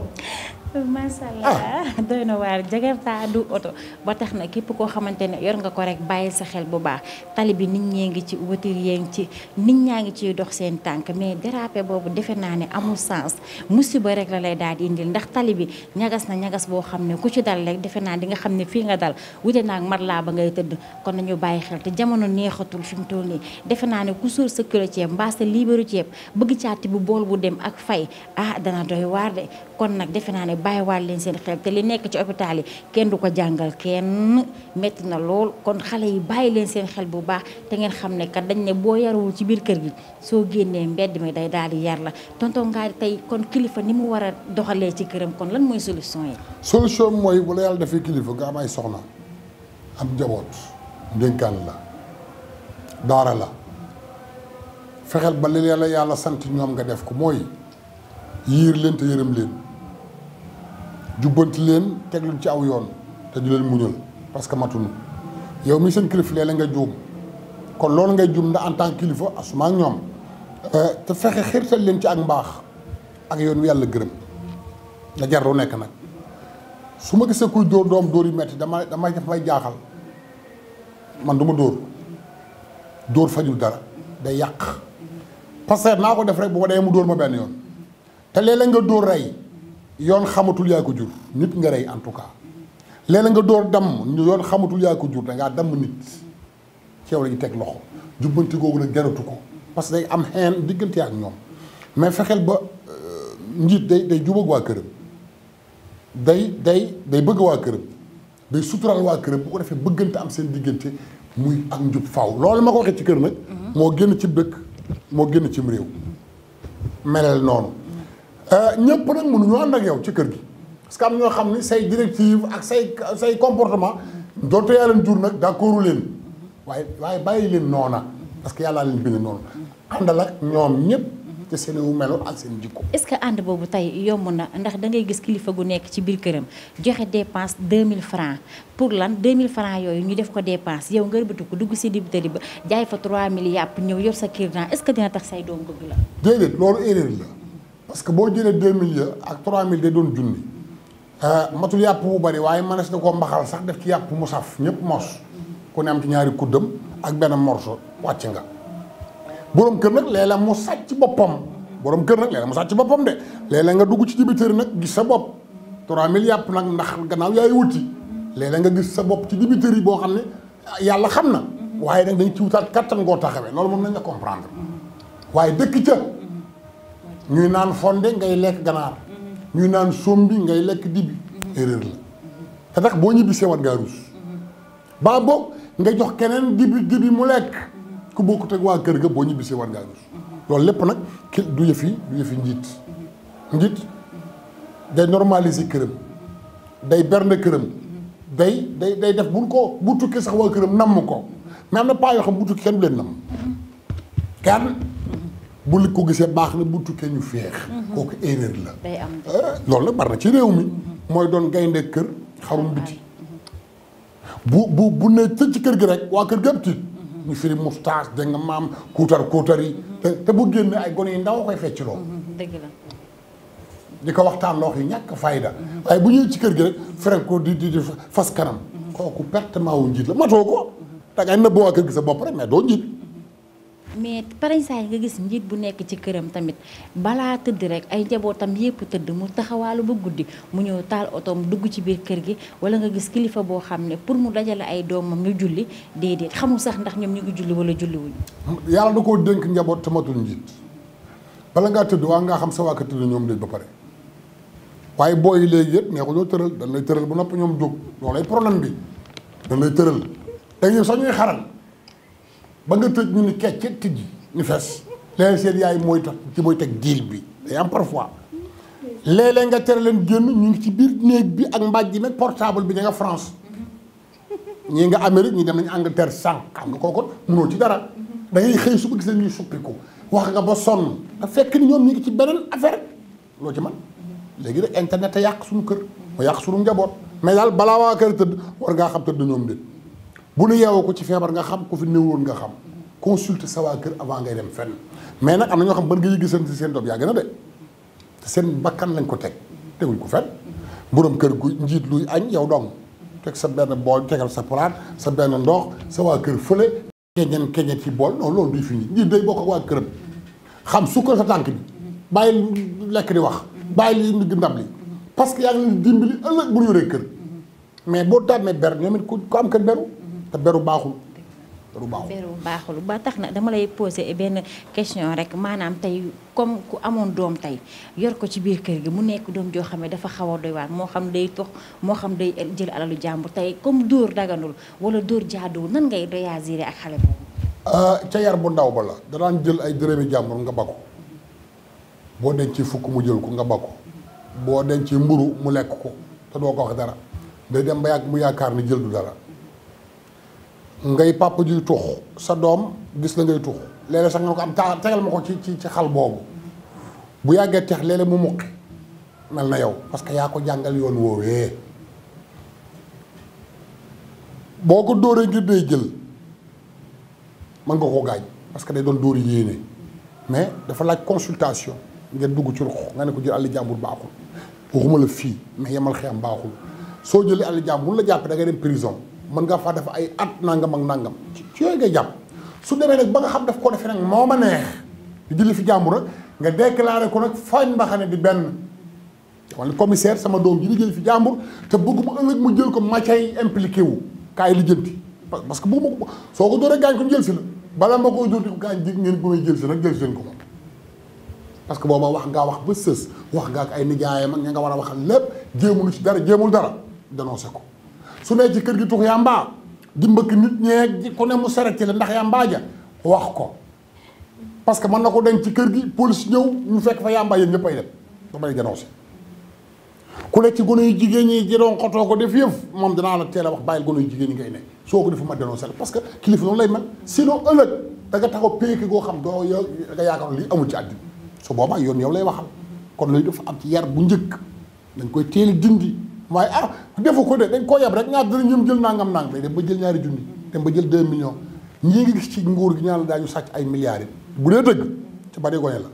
Euh, macha allah ah. <laughs> doy na waar jagartaa du oto ba tax na képp koo xamante ne yor nga ko rek bàyyi sa xel bu baax tali bi nit ñee ngi ci voiture yee ci nit ñaa ngi ciy dox seen tànk mais dérapé boobu defe naa ne amul sens musiba rek la lay daal di indil ndax tali bi ñagas na ñagas boo xam ne ku ci dal rek defe naa di nga xam ne fii nga dal wute naa mat laa ba ngay tëdd kon nañu bàyyi xel te jamono neexatul fi mu toll nii defe naa ne ku suur sa kilo ceeb mbaa ceeb bëgg caati bu bool bu dem ak fay ah dana doy de bàyyiwaat leen seen xel te li nekk ci hôpital yi kenn du ko jàngal kenn metti na lool kon xale yi bàyyi leen seen xel bu baax te ngeen xam ne kat dañ ne boo yaruwul ci biir kër gi soo génnee mbedd mi day daal di yar la tonton Ngari tey kon kilifa ni mu war a doxalee ci këram kon lan mooy solution yi. solution mooy bu la yàlla defee kilifa nga am ay soxna am njaboot dénkaan la daara la fexeel ba li la yàlla sant ñoom nga def ko mooy yiir leen te yërëm jubbanti leen teg leen ci aw yoon te du leen muñal parce que matuñu yow mi seen kilifa léeg nga juum kon loolu ngay juum ndax en tant kilifa asuma ak ñoom euh, te fexe xiirtal leen ci ak mbaax ak yoon yàlla gërëm da jar lu nekk nag su ma gisee kuy dóor doom dóor yu metti dama damay def may jaaxal man duma dóor dóor fajul dara day yàq parce que naa ko def rek bu ko dee mu dóor ma benn yoon te léeg nga dóor rey yoon xamatul yaa ko jur nit nga rey en tout cas léeg nga door damm yoon xamatul yaa ko jur da damm nit ceew la ñu teg loxo jubbanti googu nag jaratu ko parce que day am xeen diggante ak ñoom mais fexeel ba euh, njiit day day jubag waa këram day day day bëgg waa këram day suturaal waa këram bu ko defee bëggante am seen diggante muy ak njub faaw loolu ma ko waxee ci kër nag. Mhm. moo génn ci dëkk moo génn cim réew melel noonu. Euh, ñëpp nag mënuñu ànd ak yow ci kër gi parce que am ñoo xam ni say directive ak say say comportement doonte yaa leen jur nag d'accordu leen waaye waaye bàyyi leen noona parce que yàllaa leen bind noonu àndal ak ñoom ñëpp te seen wu melo ak seen jikko. est-ce que ànd boobu tey yomb na ndax da ngay gis kilifa gu nekk ci biir këram joxe dépense mille francs pour lan 2000 francs yooyu ñu def ko dépense yow nga bëtu ko dugg si dibitali ba jaay fa 3000 yàpp ñëw yor sa kir naa est tax say doom bëgg la. parce que boo jëlee deux mille ya ak trois mille day doon junni euh, matul yàpp bu bari waaye mënees na koo mbaxal sax def ci yàpp mu saf ñëpp mos ku ne am ci ñaari kuddam ak benn morso wàcc nga boroom kër nag léeg-léeg mu sàcc boppam borom kër nag léeg-léeg mu sàcc boppam de léeg nga dugg ci dibiteri nag gis sa bopp trois mille yàpp nag ndax gannaaw yaay wuti léeg-léeg nga gis sa bopp ci dibiteri yi boo xam ne yàlla xam na waaye nag dañ ci wutaat kattan ngoo taxawee loolu moom nañ la comprendre waaye ñuy naan fonde ngay lekk ganaar ñuy naan sombi ngay lekk dibi erreur la te tax boo ñibbisee war ngaa ruus baa boog nga jox keneen dibi dibi mu lekk ku bokkut ak waa kër ga boo ñibbisee war ngaa ruus loolu lépp nag ki du yëfi du yëfi njiit njiit day normaliser këram day bernde këram day day day def buñ ko bu tukkee sax waa këram namm ko mais am na paa yoo xam bu tukkee kenn du leen namm kenn bu li ko gisee baax na bu tukkee ñu feex mhm. kooku erreur la ah, loolu la bar na ci réew mi mhm. mooy doon gaynde kër xarum biti bu bu bu ne ci kër gi rek waa kër gi ab tiit mhm. ñu firi moustache da maam kuutar kuutar yi te te bu génne ay gone yi ndaw koy fecc dëgg la ko waxtaan loo yi ñàkk fayda waaye bu ñëwee ci kër gi rek fere di di fas kanam kooku pertement wu njiit la matoo ko da ngay nëbb waa kër gi sa bopp rek mais doo njiit mais pare yi nga gis njiit bu nekk ci këram tamit balaa tëdd rek ay njabootam yépp tëdd mu taxawaalu ba guddi mu ñëw taal otoom dugg ci biir kër gi wala nga gis kilifa boo xam ne pour mu dajale ay doomam ñu julli déedéet xamul sax ndax ñoom ñu ngi julli wala julliwuñu. yàlla da koo dénk njaboot tamatul njiit bala ngaa tëdd waa ngaa xam sa waa ka tëdd ñoom déet ba pare waaye booy yi léegi yëpp neexu ñoo tëral dañ lay tëral bu nopp ñoom jóg loolay ba nga tëj ñu ni kecc tijji ñu fes léeg seen yaay mooy tax ci mooy teg diil bi day am parfois léeg-léeg nga tere leen génn ñu ngi ci biir néeg bi ak mbàjj mi portable bi ña nga France ñii nga Amérique ñi dem nañu Angleterre sànq xam nga koo kooku mënoo ci dara da xëy su suba gis nañ ñuy ko wax nga ba sonn nga fekk ni ñoom ñu ngi ci beneen affaire loo ci man léegi nag internet te yàq suñu kër. mu yàq suñu njaboot mais daal balaa waa kër tëdd war ngaa xam tëdd ñoom déet. bu nu yeewoo ko ci feebar nga xam ku fi néewoon nga xam consulte sa waa kër avant ngay dem fenn mais nag am na ñoo xam mën nga yëg seen si seen doom yaa gën a de seen bakkan lañ ko teg teguñ ko fenn borom kër gu njiit luy añ yow dong teg sa benn bool tegal sa palaat sa benn ndox sa kër fële keñeen keñeen ci bool loolu duy fini njiit day bokk ak këram xam sukkal sa tànk bi bàyyi lekk di wax bàyyi li ndigg ndab li parce que yaa ngi leen dimbali ëllëg bu ñu yoree kër mais boo tàmmee ber ñoom it ko am kër beru te beru baaxul. beru baaxul ba tax na dama lay poser benn question rek maanaam tey comme ku amoon doom tey yor ko ci biir kër gi mu nekk doom joo xam ne dafa xaw a doy moo xam day tox moo xam day jël alalu jàmbur tey comme dóor daganul wala dóor jaaduwul nan ngay réagir ak xale boobu. Ah, ca yar bu ndaw ba la danaan jël ay dërëmi jàmbur nga bakku boo dencee fukk mu jël ko nga bakku boo dencee mburu mu lekk ko te doo ko wax dara day dem ba mu yaakaar ni jël ngay papa juy tux sa doom gis la ngay tux léeg-léeg sax nga ko am ta tegal ma ko ci ci ci xal boobu bu yàggee tex léeg-léeg mu muqi mel na yow parce que yaa ko jàngal yoon woowee boo ko dóoree ngir day jël mën nga ko gaañ parce que day doon dóori yéene mais dafa laaj consultation ngeen dugg ci ruq nga ne ko jël àll jàmbur baaxul waxuma la fii mais yemal xiyam baaxul soo jëlee àll jàmbur la jàppee da ngay dem prison mën nga faa def ay at nangam ak nangam ci yooyu ngay jàpp su demee nag ba nga xam daf koo defee nag moo ma neex di julli fi jàmbur nag nga déclaré ko nag fañ ba xam ne di benn wala commissaire sama doom ji di jël fi jàmbur te bëgg mu ëllëg mu jël ko matière yi impliqué wu kaay lijjanti parce que bu ma ko soo ko dóoree gaañ ko jël si la bala ma koy dóor di gaañ ji ngeen bu may jël si seen ko parce que booba wax ngaa wax ba sës wax ngaa ak ay nijaayam ak ña nga war a waxal lépp jéemul ci dara jéemul dara dénoncé ko su nee ci kër gi tux yàmbaa di mbëkk nit ñeeg ku ne mu seret ci la ndax yambaa ja wax ko parce que mën na ko denc ci kër gi police ñëw ñu fekk fa yàmbaa yéen ñëpp ay dem damay gannaaw si ku ne ci gone yu jigéen ñi jëloon xotoo ko def yëf moom dinaa la teel wax bàyyil gone yu jigéen ñi ngay ne soo ko defu ma dénoncé la parce que kilifa noonu lay mel sinon ëllëg da nga taxaw péeki goo xam doo yow da nga yaakaar lii amul ci àddina su boobaa yoon yow lay waxal kon luy dafa am ci yar bu njëkk dañ koy teel a dindi waaye ah defu ko de dañ koo yeb rek ñaar dana ñoom jël nangam nang bay dem ba jël ñaari junni dem ba jël deux millions ñi ngi gis ci nguur gi ñaan la daañu sàcc ay milliards bu dee dëgg ci bari gone la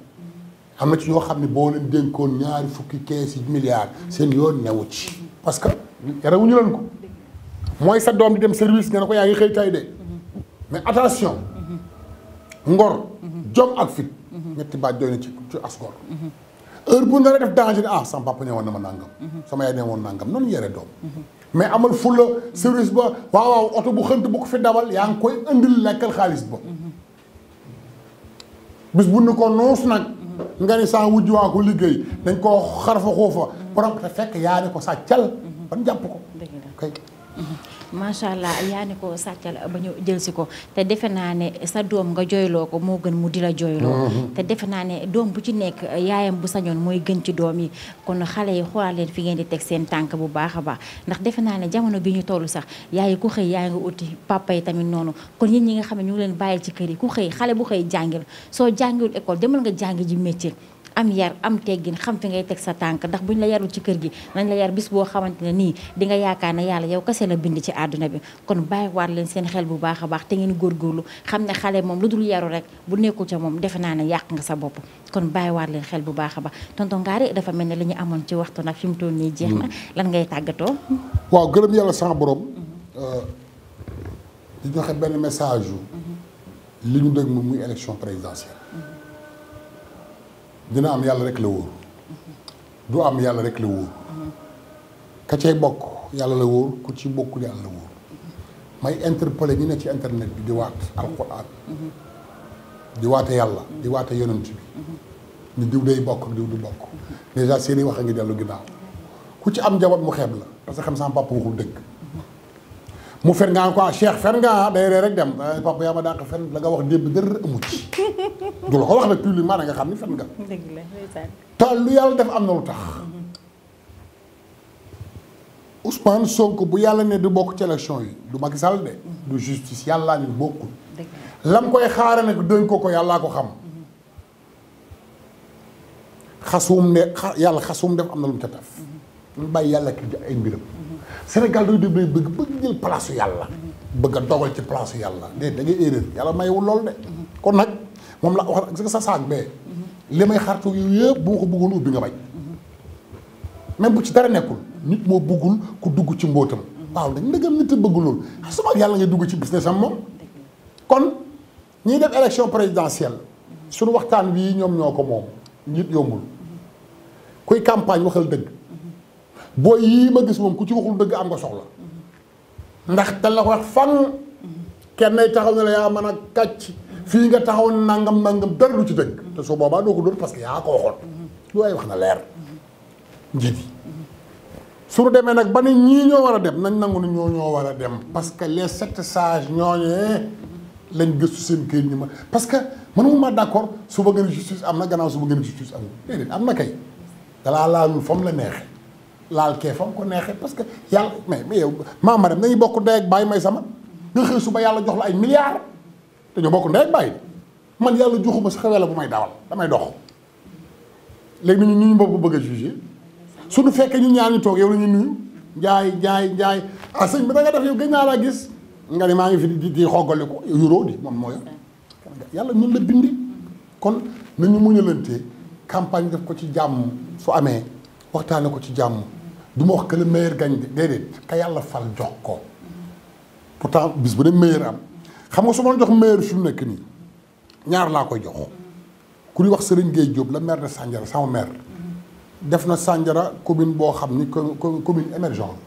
xam na ci ñoo xam ne boo leen dénkoon ñaari fukki kees yi milliards seen yoon new ci parce que yarewuñu leen ko mooy sa doom di dem service nga ne ko yaa ngi xëy tay de mais attention ngor jom ak fit ñetti baat doy na ci ci as heure bu nar a def danger ah sama papa ñëwoon na ma nangam. sama yaay ñëwoon nangam noonu yore doom. mais amal fulla service ba waaw waaw oto bu xënt bu ko fi dawal yaa ngi koy indil lekkal xaalis ba. bis bu nu ko noos nag. nga ni saa wujj waa ko liggéey dañ koo xarfa xoofa. borom te fekk yaa ne ko sàccal. ban jàpp ko. macha allah yaa ni ko sàccal ba ñu jël si ko te defe naa ne sa doom nga jooyloo ko moo gën mu di la jooyloo mm-hmm. te defe naa ne doom bu ci nekk yaayam bu sañoon mooy gën ci doom yi kon xale yi xoolal leen fi ngeen di teg seen tànk bu baax a baax ndax defe naa ne jamono bi ñu toll sax yaay ku xëy yaa nga uti papa yi tamit noonu kon yéen ñi nga xam ne ñu ngi leen bàyyil ci kër yi ku xëy xale bu xëy jàngil soo jàngil école demal nga jàngi ji métier am yar am teggin xam fi ngay teg sa tànk ndax buñ la yarul ci kër gi nañ la yar bis boo xamante ne nii di nga yaakaar na yàlla yow kese la bind ci àdduna bi kon bàyyi bàyyiwaat leen seen xel bu baax a baax te ngeen góorgóorlu xam ne xale moom lu dul yaru rek bu nekku ca moom defe naa ne yàq nga sa bopp kon bàyyi bàyyiwaat leen xel bu baax a baax tonton Ngari dafa mel ne li ñu amoon ci waxtu nag fi mu toll nii jeex na mm. lan ngay tàggatoo waaw gërëm yàlla sax borom euh, di joxe benn message yu mm-hmm. li ñu dégg muy dina am yàlla rek la wóor du am yàlla rek la wóor ka cay bokk yàlla la wóor ku ci bokkul yàlla la wóor may interpellé ñi ne ci internet bi di waat alquran di waate yàlla di waate yonent bi ni diw day bokk diw du bokk déjà seeni wax a ngi dellu ginnaaw ku ci am jabar mu xeeb la parce que xam sama papa waxul dëkk mu fen nga quoi Cheikh fen nga day ree rek dem eh, papa yaa ma dàq fen la nga wax démb dër amu ci du la ko wax nag publiquement da nga xam ni fen nga te lu yàlla def am na lu tax mhm. Ousmane Sonko bu yàlla ne du bokk ci yi du Macky Sall de mhm. du justice yàlla ni bokkul lam koy xaare nag dënk ko ko yàllaa ko xam mhm. xasum ne yàlla xasum def am na lu mu ca taf ñu bàyyi yàlla ki ay mbiram Sénégal doy dem bëgg bëgg jël place yàlla bëgg a dogal ci place yàlla dé da ngay erreur yàlla wul lool de kon nag moom la wax gis nga sa saag bee li may xartu yow yëpp bu ma ko bëggoon ubbi nga bañ même bu ci dara nekkul nit moo buggul ku dugg ci mbóotam waaw dañ ndëgam nit a bëgg loolu ah, sama yàlla ngay dugg ci business am moom kon ñii def élection présidentielle suñu waxtaan bii ñoom ñoo ko moom nit yombul kuy campagne waxal dëgg booy yii ma gis moom ku ci waxul dëgg am nga soxla ndax te la ko wax fan kenn taxaw ne la yaa man a kàcc fii nga taxaw nangam nangam dara lu ci dëgg te su boobaa doo ko doon parce que yaa ko waxoon lu ay wax na leer njiit yi su ñu demee nag ba ne ñii ñoo war a dem nañ nangu ne ñoo ñoo war a dem parce que les sept sages ñooñee lañ gëstu seen këyit ñu ma parce que mënuma d'accord suba ngeen justice am na gannaaw suba ngeen justice am na déedéet su na kay dalaa laalul fa mu la neexee laal kee fa mu ko neexee parce que yàlla mais mais yow maam ma dem nañu bokk ndey ak bàyyi may sama nga xëy suba yàlla jox la ay milliards te ñu bokk ndey ak bàyyi man yàlla joxuma sa xewee may dawal damay dox léegi bëgg a jugé fekkee ñu ñaar toog yow la ñu nuyu njaay njaay njaay ah sëñ bi da nga def yow gën naa laa gis nga ne maa ngi fi di di xoggale ko yuroo di moom mooy yàlla ñun la bindi kon nañu muñalante campagne def ko ci jàmm su amee waxtaane ko ci jàmm du ma wax que le meilleur gagne déedéet ka yàlla fal jox ko pourtant bis bu ne meilleur am xam nga su ma jox meilleur fi mu nekk nii ñaar laa koy jox ku ñuy wax sëriñ géej Diop la maire de Sandiara sama maire def na sànjara commune boo xam ni commune émergente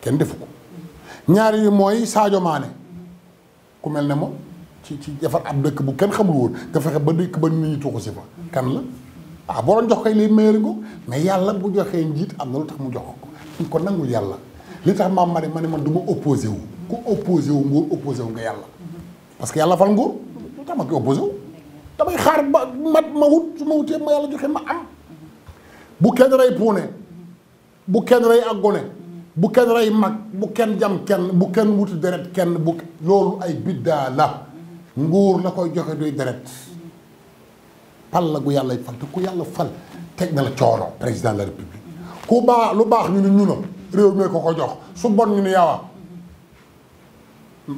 kenn defu ko ñaar yi mooy saajo maane ku mel ne moom ci ci defar ab dëkk bu kenn xamul woon nga fexe ba dëkk ba nit ñi tuuxu si fa kan la. ah boo doon jox kay lay meilleur ngo mais yàlla bu joxee njiit am na lu tax mu jox ko ñu ko nangul yàlla li tax maam ma ne ma ne man du ma opposé wu ku opposé wu nguur opposé nga yàlla parce que yàlla fal nguur lu tax ma koy opposé damay xaar ba ma wut su ma wutee ma yàlla joxe ma am bu kenn rey puune bu kenn rey ak gone bu kenn rey mag bu kenn jam kenn bu kenn wuti deret kenn bu loolu ay biddaa la nguur la koy joxe duy deret pal la gu yàlla fal te ku yàlla fal teg na la coono président de la république ku baax lu baax ñu ni ñuna réew mi ko ko jox su bon ñu ni yaawa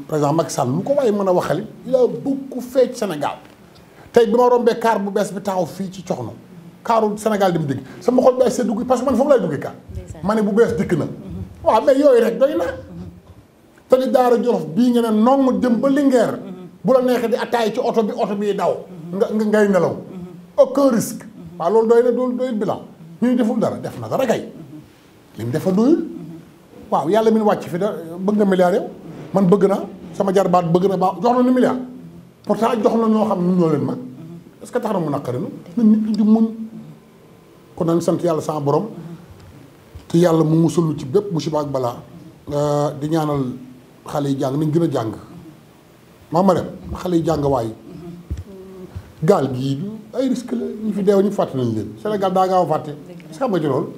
président Macky Sall lu ko waaye mën a waxali il a beaucoup fait Sénégal tey bi ma rombee kaar bu bees bi taxaw fii ci cox coxno kaaru senegal di mu dégg sama xol bi ay see dugg parce que man foofu lay duggee kaar ma ne bu bees dikk na waaw mais yooyu rek doy na te li daara Jolof bii nga ne nongu jëm ba lingeer mhm. bu la neexee d ataay ci oto oto bi daw nga ngay aucun risque waaw loolu doy na doolu doyul ñu ñuy deful dara def na dara kay li mu defa doyul waaw yàlla min wàcc fi da bëgg nga milliard yow man bëgg na sama jarbaat bëgg na baa jox na nu milliard pourtant jox na ñoo xam nu ñoo leen mag est-ce que tax na mu naqari na nit ñu di muñ kon nañ sant yàlla sama borom te yàlla mu mu musul ci bépp musiba ak balaa di ñaanal xale yi jàng nañ gën a jàng maama dem xale yi jàng waaye gaal gii ay risque la deew ñu fàtte nañ leen Sénégal daa gaaw a fàtte si xam nga ci loolu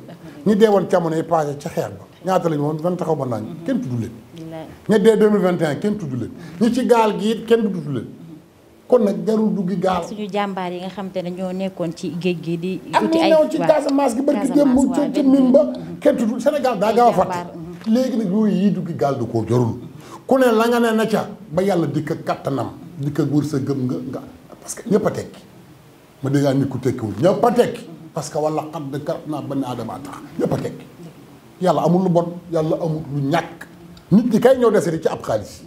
ñi deewoon jamono yi passé ca xeex ba ñaata lañu woon vingt taxaw ba naañ mm-hmm. kenn tudd leen ña dee 2021 kenn tudd ci gaal gi kenn tudd leen kon nag jarul dugg gaal suñu jàmbaar yi nga xam ne ñoo nekkoon ci géej gi di uti ay gi barki démb ca ca min ba mm-hmm. kenn tudd Sénégal daa mm-hmm. léegi nag yooyu yi dugg gaal du ko jarul ku ne la nga ne na ca ba yàlla dikk kattanam dikk sa gëm nga nga parce que ñëpp a tekki ma dégg nit ku tekkiwul ñëpp a tekki parce que wala xat de karat naa benn aadama tax ñëpp a tekki yàlla amul lu bon yàlla amul lu ñàkk nit ñi kay ñoo desee ci ab xaalis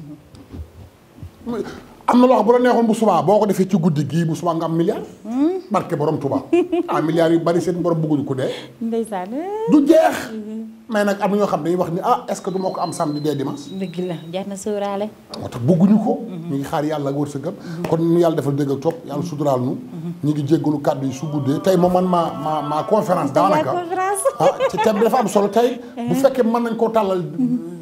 am na loo xam bu la neexoon bu subaa boo ko defee ci guddi gii bu subaa nga am milliard hmm? barke borom Tuubaa ah milliards yu bari seen borom bëgguñu ku dee ndeysaan du jeex hmm. mais nag am na ñoo xam dañuy wax ni ah est-ce que du ma ko am samedi dee dimanche. dëgg la na sóoraale. moo tax bëgguñu ko. Mhm. ñu ngi xaar yàlla wërsëgal. Mhm. kon yàlla defal dëgg ak topp yàlla suturaal nu. Mhm. ñu ngi jéggalu kàddu yi su guddee tey moom man maa maa maa conférence daanaka <laughs> ah ci thème bi dafa am solo tey. bu eh. fekkee mën nañ koo tàllal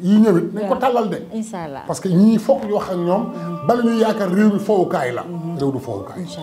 yi ñëwit nañ ko tàllal de. incha allah parce que ñii foog ñu wax ak ñoom. bala ñuy yaakaar réew mi fowukaay la. réew du fowukaay incha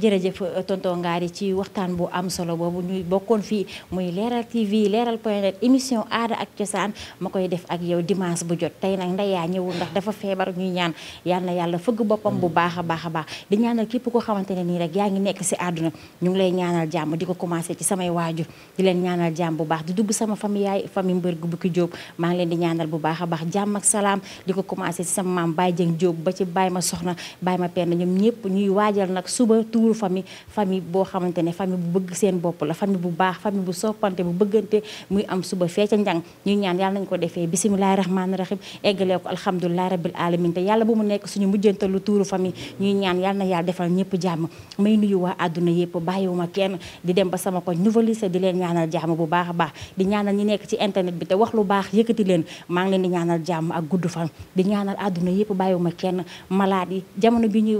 jërëjëf euh, tonton Ngari ci waxtaan bu am solo boobu ñuy bokkoon fii muy leeral TV leeral point net émission aada ak cosaan ma koy def ak yow dimanche bu jot tey nag ndey ndeyaa ñëwul ndax dafa feebar ñuy ñaan yal na yàlla fëgg boppam bu baax a baax a baax di ñaanal képp koo xamante ne nii rek yaa ngi nekk si àdduna ñu ngi lay ñaanal jàmm di ko commencé ci samay waajur di leen ñaanal jàmm bu baax di dugg sama famille yaay famille mbër gu bukki Jóob maa ngi leen di ñaanal bu baax a baax jàmm ak salaam di ko commencé ci sama maam Baye Jëng Jóob ba ci Baye ma soxna Baye ma penn ñoom ñëpp ñuy waajal nag suba tuuru famille famille boo xamante ne famille bu bëgg seen bopp la famille bu baax famille bu soppante bu bëggante muy am suba fee ca njàng ñuy ñaan yàlla nañ ko defee bisimilahi rahmaani rahim eggalee ko alhamdulilahi rabil alamin te yàlla bu mu nekk suñu mujjantalu tuuru famille ñuy ñaan yàlla na yàlla defal ñëpp jàmm may nuyu waa àdduna yëpp bàyyiwuma kenn di dem ba sama ko nouvelise di leen ñaanal jàmm bu baax a baax di ñaanal ñi nekk ci internet bi te wax lu baax yëkkati leen maa ngi leen di ñaanal jàmm ak gudd fan di ñaanal àdduna yëpp bàyyiwuma kenn malade yi jamono bi ñuy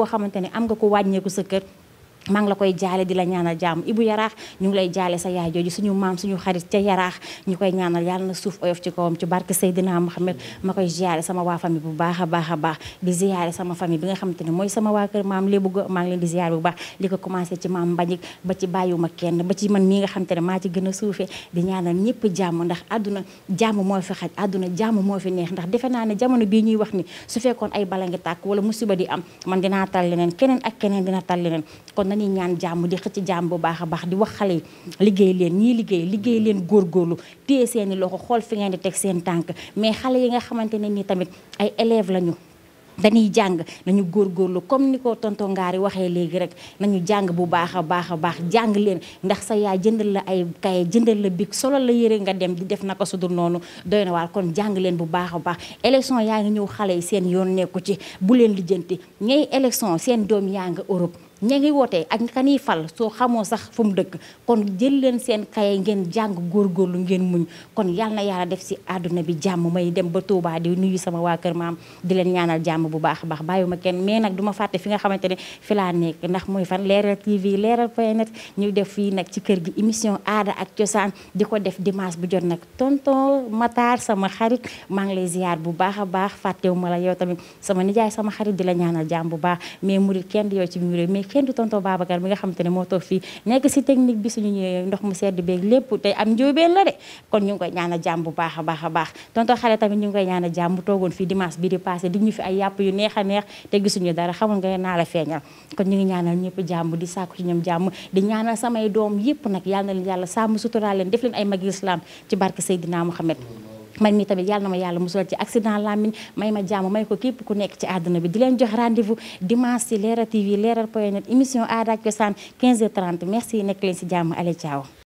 koo xamante ne am nga ko wàññeeku sa kër maa ngi la koy jaale di la ñaanal jàmm Ibou Yaraax ñu ngi lay jaale sa yaay jooju suñu maam suñu xarit ca Yaraax ñu koy ñaanal yàlla na suuf oyof ci kawam ci barke Seydina Mohamed ma koy jaale sama waa famille baax a baax a baax di ziyaare sama famille bi nga xamante ne mooy sama kër maam lébu ga maa ngi leen di ziyaare bu baax li ko commencé ci maam Mbagnick ba ci bàyyiwuma kenn ba ci man mii nga xamante ne maa ci gën a suufee di ñaanal ñëpp jàmm ndax àdduna jàmm moo fi xaj àdduna jàmm moo fi neex ndax defe naa ne jamono bii ñuy wax ni su fekkoon ay bala ngi tàkk wala musiba di am man dinaa tal leneen keneen ak keneen dina tal leneen kon nañuy ñaan jàmm di xëcc jàmm bu baax a baax di wax xale yi liggéey leen ñii liggéey liggéey leen góorgóorlu téye seen i loxo xool fi ngeen di teg seen tànk mais xale yi nga xamante ne nii tamit ay élèves lañu. dañuy jàng nañu góorgóorlu comme ni ko tonton Ngari waxee léegi rek nañu jàng bu baax a baax a baax jàng leen ndax sa yaay jëndal la ay kaye jëndal la big solo la yére nga dem di def na su dul noonu doy na waar kon jàng leen bu baax a baax élection yaa ngi ñëw xale yi seen yoon nekku ci bu leen lijjanti ñay élection seen doom yaa nga Europe ña ngi wootee ak ka ñuy fal soo xamoo sax fu mu dëkk kon jël leen seen kaye ngeen jàng góor góorgóorlu ngeen muñ kon yàlla na yàlla def si àdduna bi jàmm may dem ba Touba di nuyu sama waa kër maam di leen ñaanal jàmm bu baax a baax bàyyiwuma kenn mais nag du ma fàtte fi nga xamante ne fi laa nekk ndax mooy fan leeral TV leeral point net ñu def fii nag ci kër gi émission aada ak cosaan di ko def dimanche bu jot nag tonton Matar sama xarit maa ngi lay ziar bu baax a baax fàttewuma la yow tamit sama nijaay sama xarit di la ñaanal jàmm bu baax mais murit kenn di yow ci biir kenn du tonton Babacar bi nga xam te ne moo toog fii nekk si technique bi suñu ñëwee ndox mu sedd beeg lépp tey am njóobeen la de kon ñu ngi koy ñaan a jàmm bu baax a baax a baax tonton xale tamit ñu koy ñaan a toogoon fii dimanche bi di passé di ñu fi ay yàpp yu neex a neex te gisuñu dara xamul nga naa la feeñal kon ñu ngi ñaanal ñëpp jàmm di sàkku ci ñoom jàmm di ñaanal samay doom yëpp nag yàlla na leen yàlla sàmm suturaa leen def leen ay magi islam ci barke Seydina Muhammad man mi tamit yàlla na ma yàlla musal ci accident làmmiñ may ma jàmm may ko képp ku nekk ci àdduna bi di leen jox rendez-vous dimanche ci Leral TV Leral point net émission aada ak cosaan 15h30 merci nekk leen si jàmm ale ciao